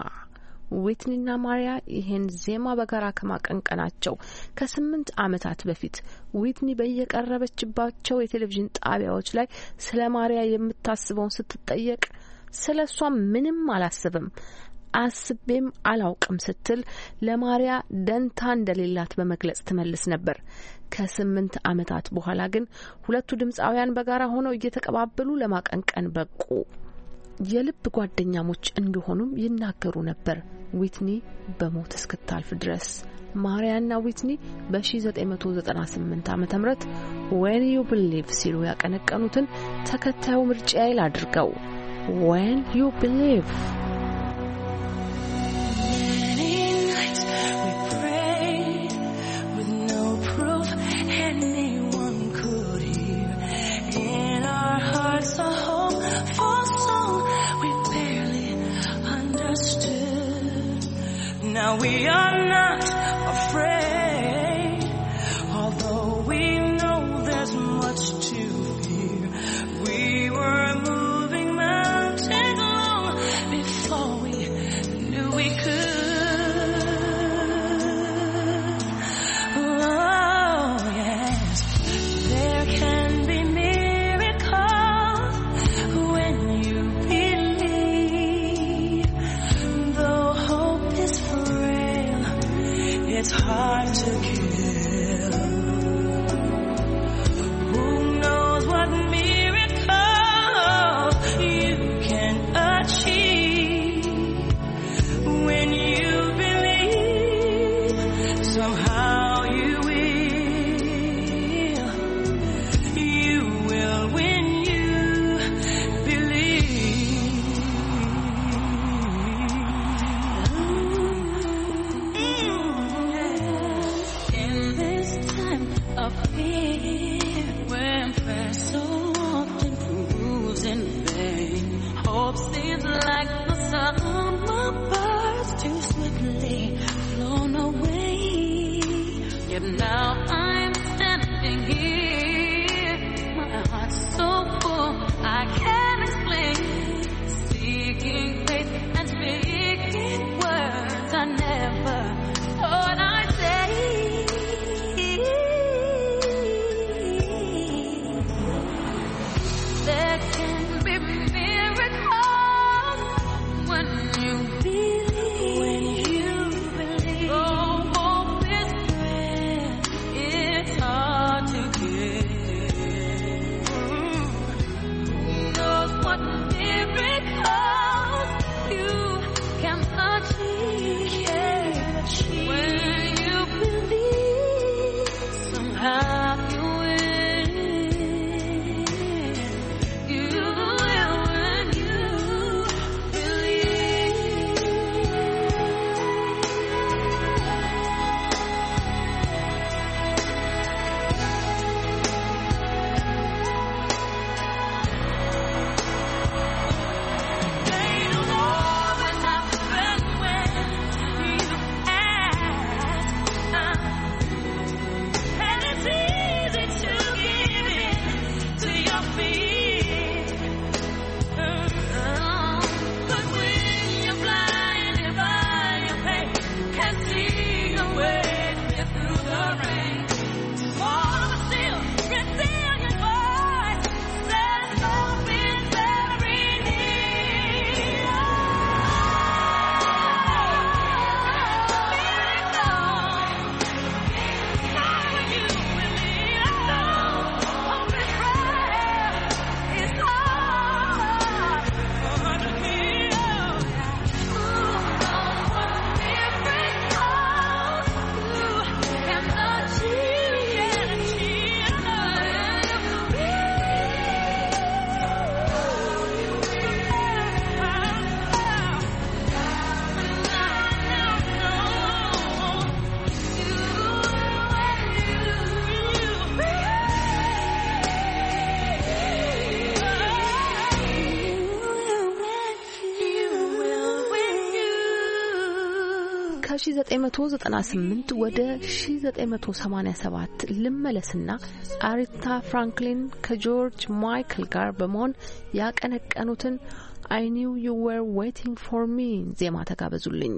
ዊትኒና ማሪያ ይህን ዜማ በጋራ ከማቀንቀናቸው ከስምንት ዓመታት በፊት ዊትኒ በየቀረበችባቸው የቴሌቪዥን ጣቢያዎች ላይ ስለ ማሪያ የምታስበውን ስትጠየቅ ስለ እሷ ምንም አላስብም አስቤም አላውቅም ስትል ለማሪያ ደንታ እንደሌላት በመግለጽ ትመልስ ነበር። ከስምንት ዓመታት በኋላ ግን ሁለቱ ድምፃውያን በጋራ ሆነው እየተቀባበሉ ለማቀንቀን በቁ። የልብ ጓደኛሞች እንደሆኑም ይናገሩ ነበር። ዊትኒ በሞት እስክታልፍ ድረስ ማሪያና ዊትኒ በ1998 ዓ ም ዌን ዩ ብሊቭ ሲሉ ያቀነቀኑትን ተከታዩ ምርጫ ይል አድርገው ዌን ዩ ብሊቭ
we are not
1998 ወደ 1987 ልመለስና አሪታ ፍራንክሊን ከጆርጅ ማይክል ጋር በመሆን ያቀነቀኑትን አይ ኒው ዩ ዌር ዌቲንግ ፎር ሚ ዜማ ተጋበዙልኝ።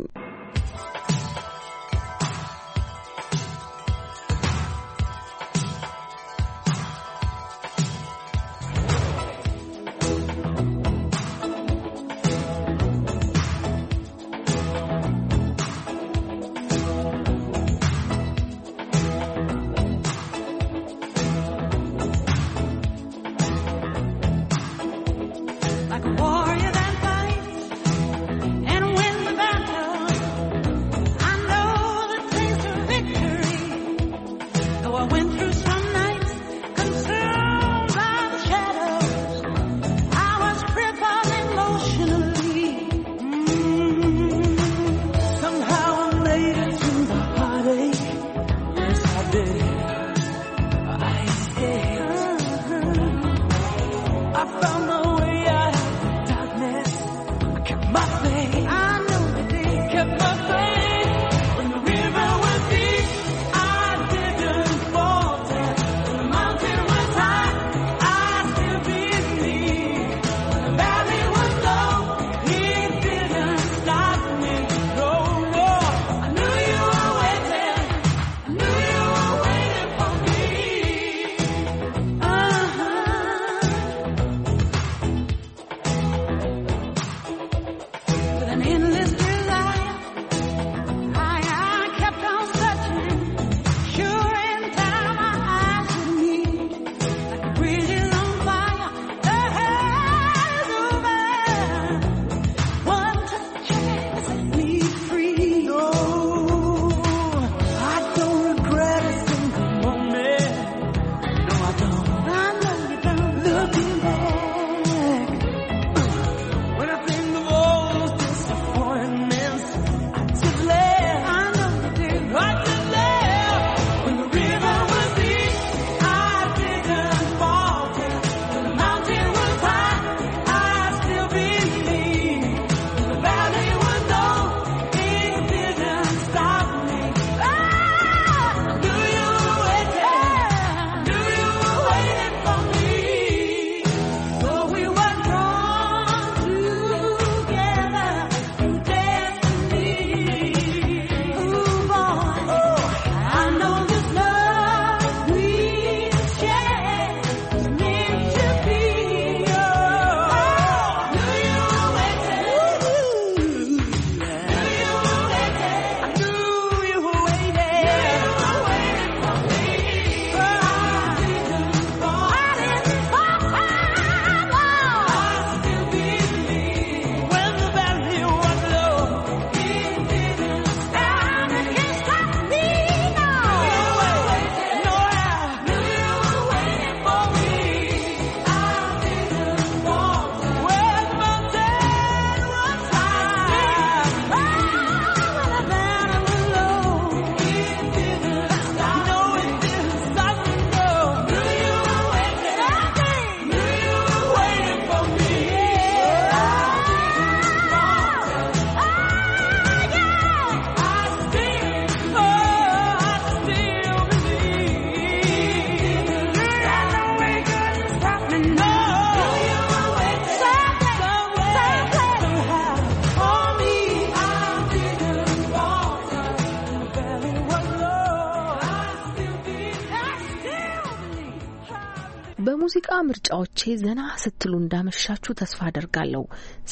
ዘና ስትሉ እንዳመሻችሁ ተስፋ አደርጋለሁ።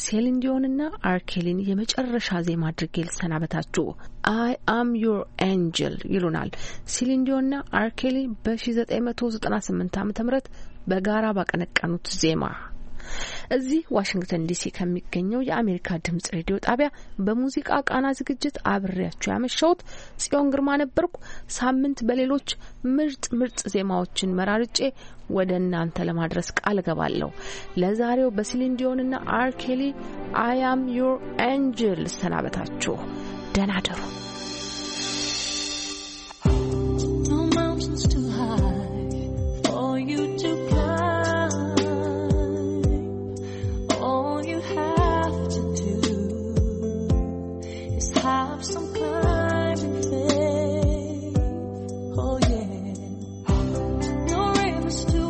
ሴሊን ዲዮንና አርኬሊን የመጨረሻ ዜማ አድርጌ ልሰናበታችሁ። አይ አም ዩር ኤንጅል ይሉናል ሴሊን ዲዮንና አርኬሊን በ1998 ዓ ም በጋራ ባቀነቀኑት ዜማ እዚህ ዋሽንግተን ዲሲ ከሚገኘው የአሜሪካ ድምጽ ሬዲዮ ጣቢያ በሙዚቃ ቃና ዝግጅት አብሬያችሁ ያመሻውት ጽዮን ግርማ ነበርኩ። ሳምንት በሌሎች ምርጥ ምርጥ ዜማዎችን መራርጬ ወደ እናንተ ለማድረስ ቃል እገባለሁ። ለዛሬው በሲሊን ዲዮንና አርኬሊ አያም ዩር ኤንጅል ሰናበታችሁ። ደህና ደሩ።
too high for you to have some climbing faith, Oh yeah, No rivers is to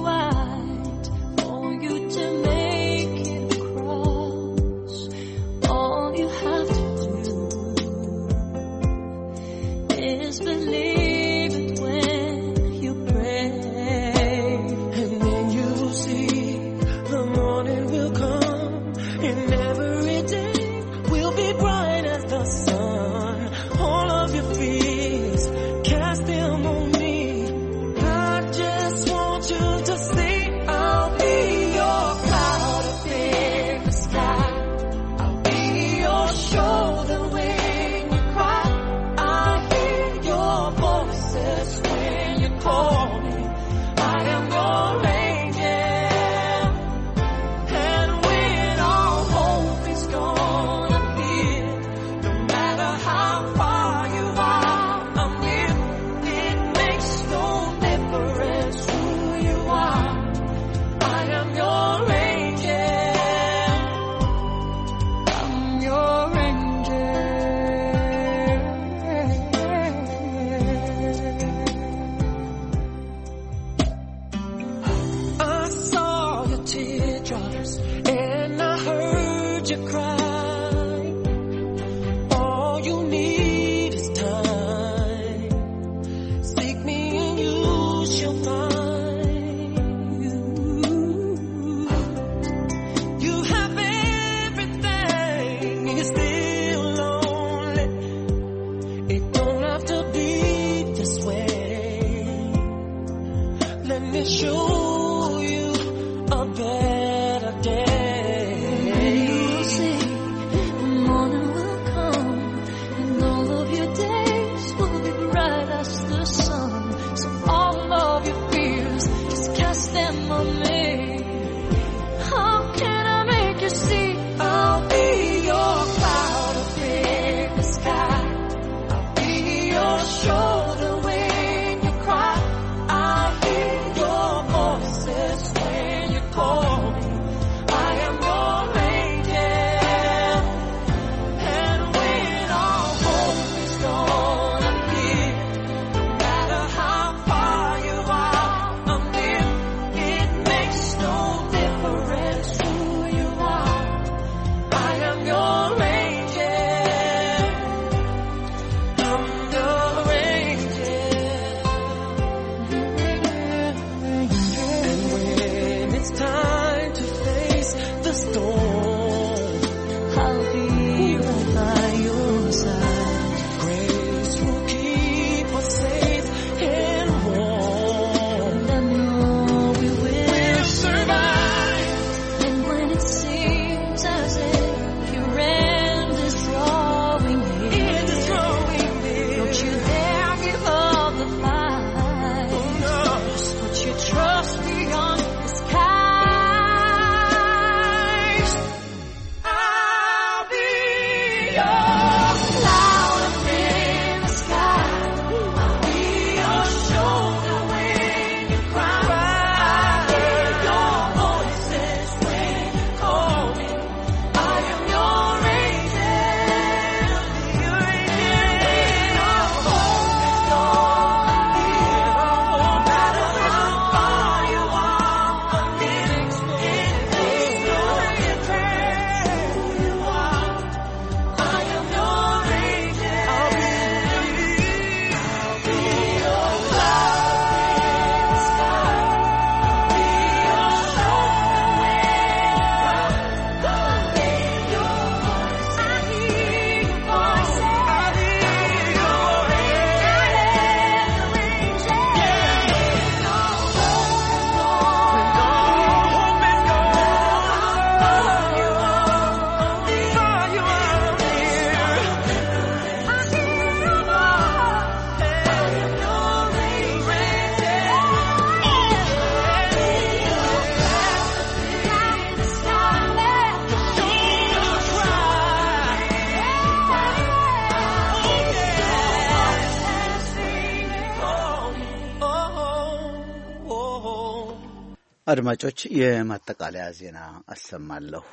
አድማጮች የማጠቃለያ ዜና አሰማለሁ።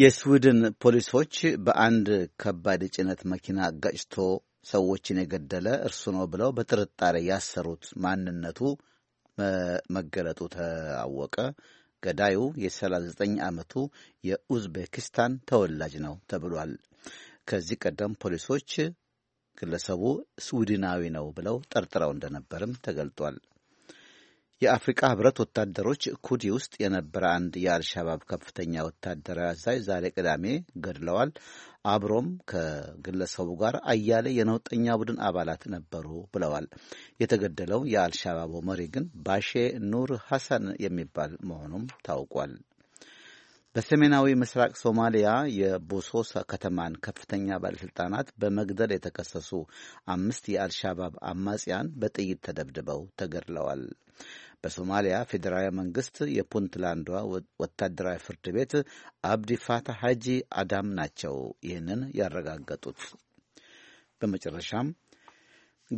የስዊድን ፖሊሶች በአንድ ከባድ የጭነት መኪና አጋጭቶ ሰዎችን የገደለ እርሱ ነው ብለው በጥርጣሬ ያሰሩት ማንነቱ መገለጡ ታወቀ። ገዳዩ የ39 ዓመቱ የኡዝቤክስታን ተወላጅ ነው ተብሏል። ከዚህ ቀደም ፖሊሶች ግለሰቡ ስዊድናዊ ነው ብለው ጠርጥረው እንደነበርም ተገልጧል። የአፍሪቃ ህብረት ወታደሮች ኩዲ ውስጥ የነበረ አንድ የአልሻባብ ከፍተኛ ወታደራዊ አዛዥ ዛሬ ቅዳሜ ገድለዋል። አብሮም ከግለሰቡ ጋር አያሌ የነውጠኛ ቡድን አባላት ነበሩ ብለዋል። የተገደለው የአልሻባቡ መሪ ግን ባሼ ኑር ሐሰን የሚባል መሆኑም ታውቋል። በሰሜናዊ ምስራቅ ሶማሊያ የቦሶሳ ከተማን ከፍተኛ ባለሥልጣናት በመግደል የተከሰሱ አምስት የአልሻባብ አማጽያን በጥይት ተደብድበው ተገድለዋል። በሶማሊያ ፌዴራዊ መንግስት የፑንትላንዷ ወታደራዊ ፍርድ ቤት አብዲ ሐጂ ሀጂ አዳም ናቸው ይህንን ያረጋገጡት። በመጨረሻም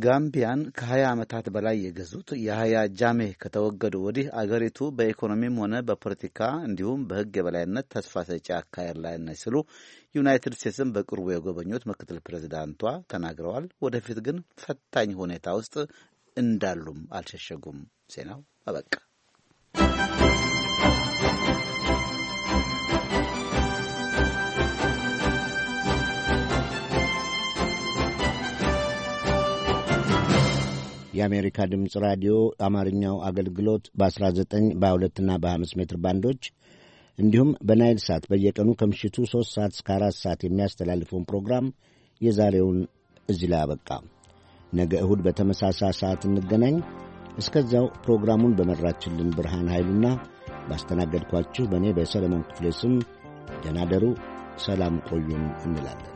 ጋምቢያን ከ20 ዓመታት በላይ የገዙት የሀያ ጃሜ ከተወገዱ ወዲህ አገሪቱ በኢኮኖሚም ሆነ በፖለቲካ እንዲሁም በሕግ የበላይነት ተስፋ ሰጪ አካሄድ ላይ ነች ሲሉ ዩናይትድ ስቴትስን በቅርቡ የጎበኙት ምክትል ፕሬዚዳንቷ ተናግረዋል። ወደፊት ግን ፈታኝ ሁኔታ ውስጥ እንዳሉም አልሸሸጉም። ዜናው አበቃ።
የአሜሪካ ድምፅ ራዲዮ አማርኛው አገልግሎት በ19 በ2ና በ5 ሜትር ባንዶች እንዲሁም በናይል ሳት በየቀኑ ከምሽቱ 3 ሰዓት እስከ 4 ሰዓት የሚያስተላልፈውን ፕሮግራም የዛሬውን እዚህ ላይ አበቃ። ነገ እሁድ በተመሳሳይ ሰዓት እንገናኝ። እስከዚያው ፕሮግራሙን በመራችልን ብርሃን ኃይሉና ባስተናገድኳችሁ በእኔ በሰለሞን ክፍሌ ስም ደናደሩ ሰላም ቆዩን እንላለን።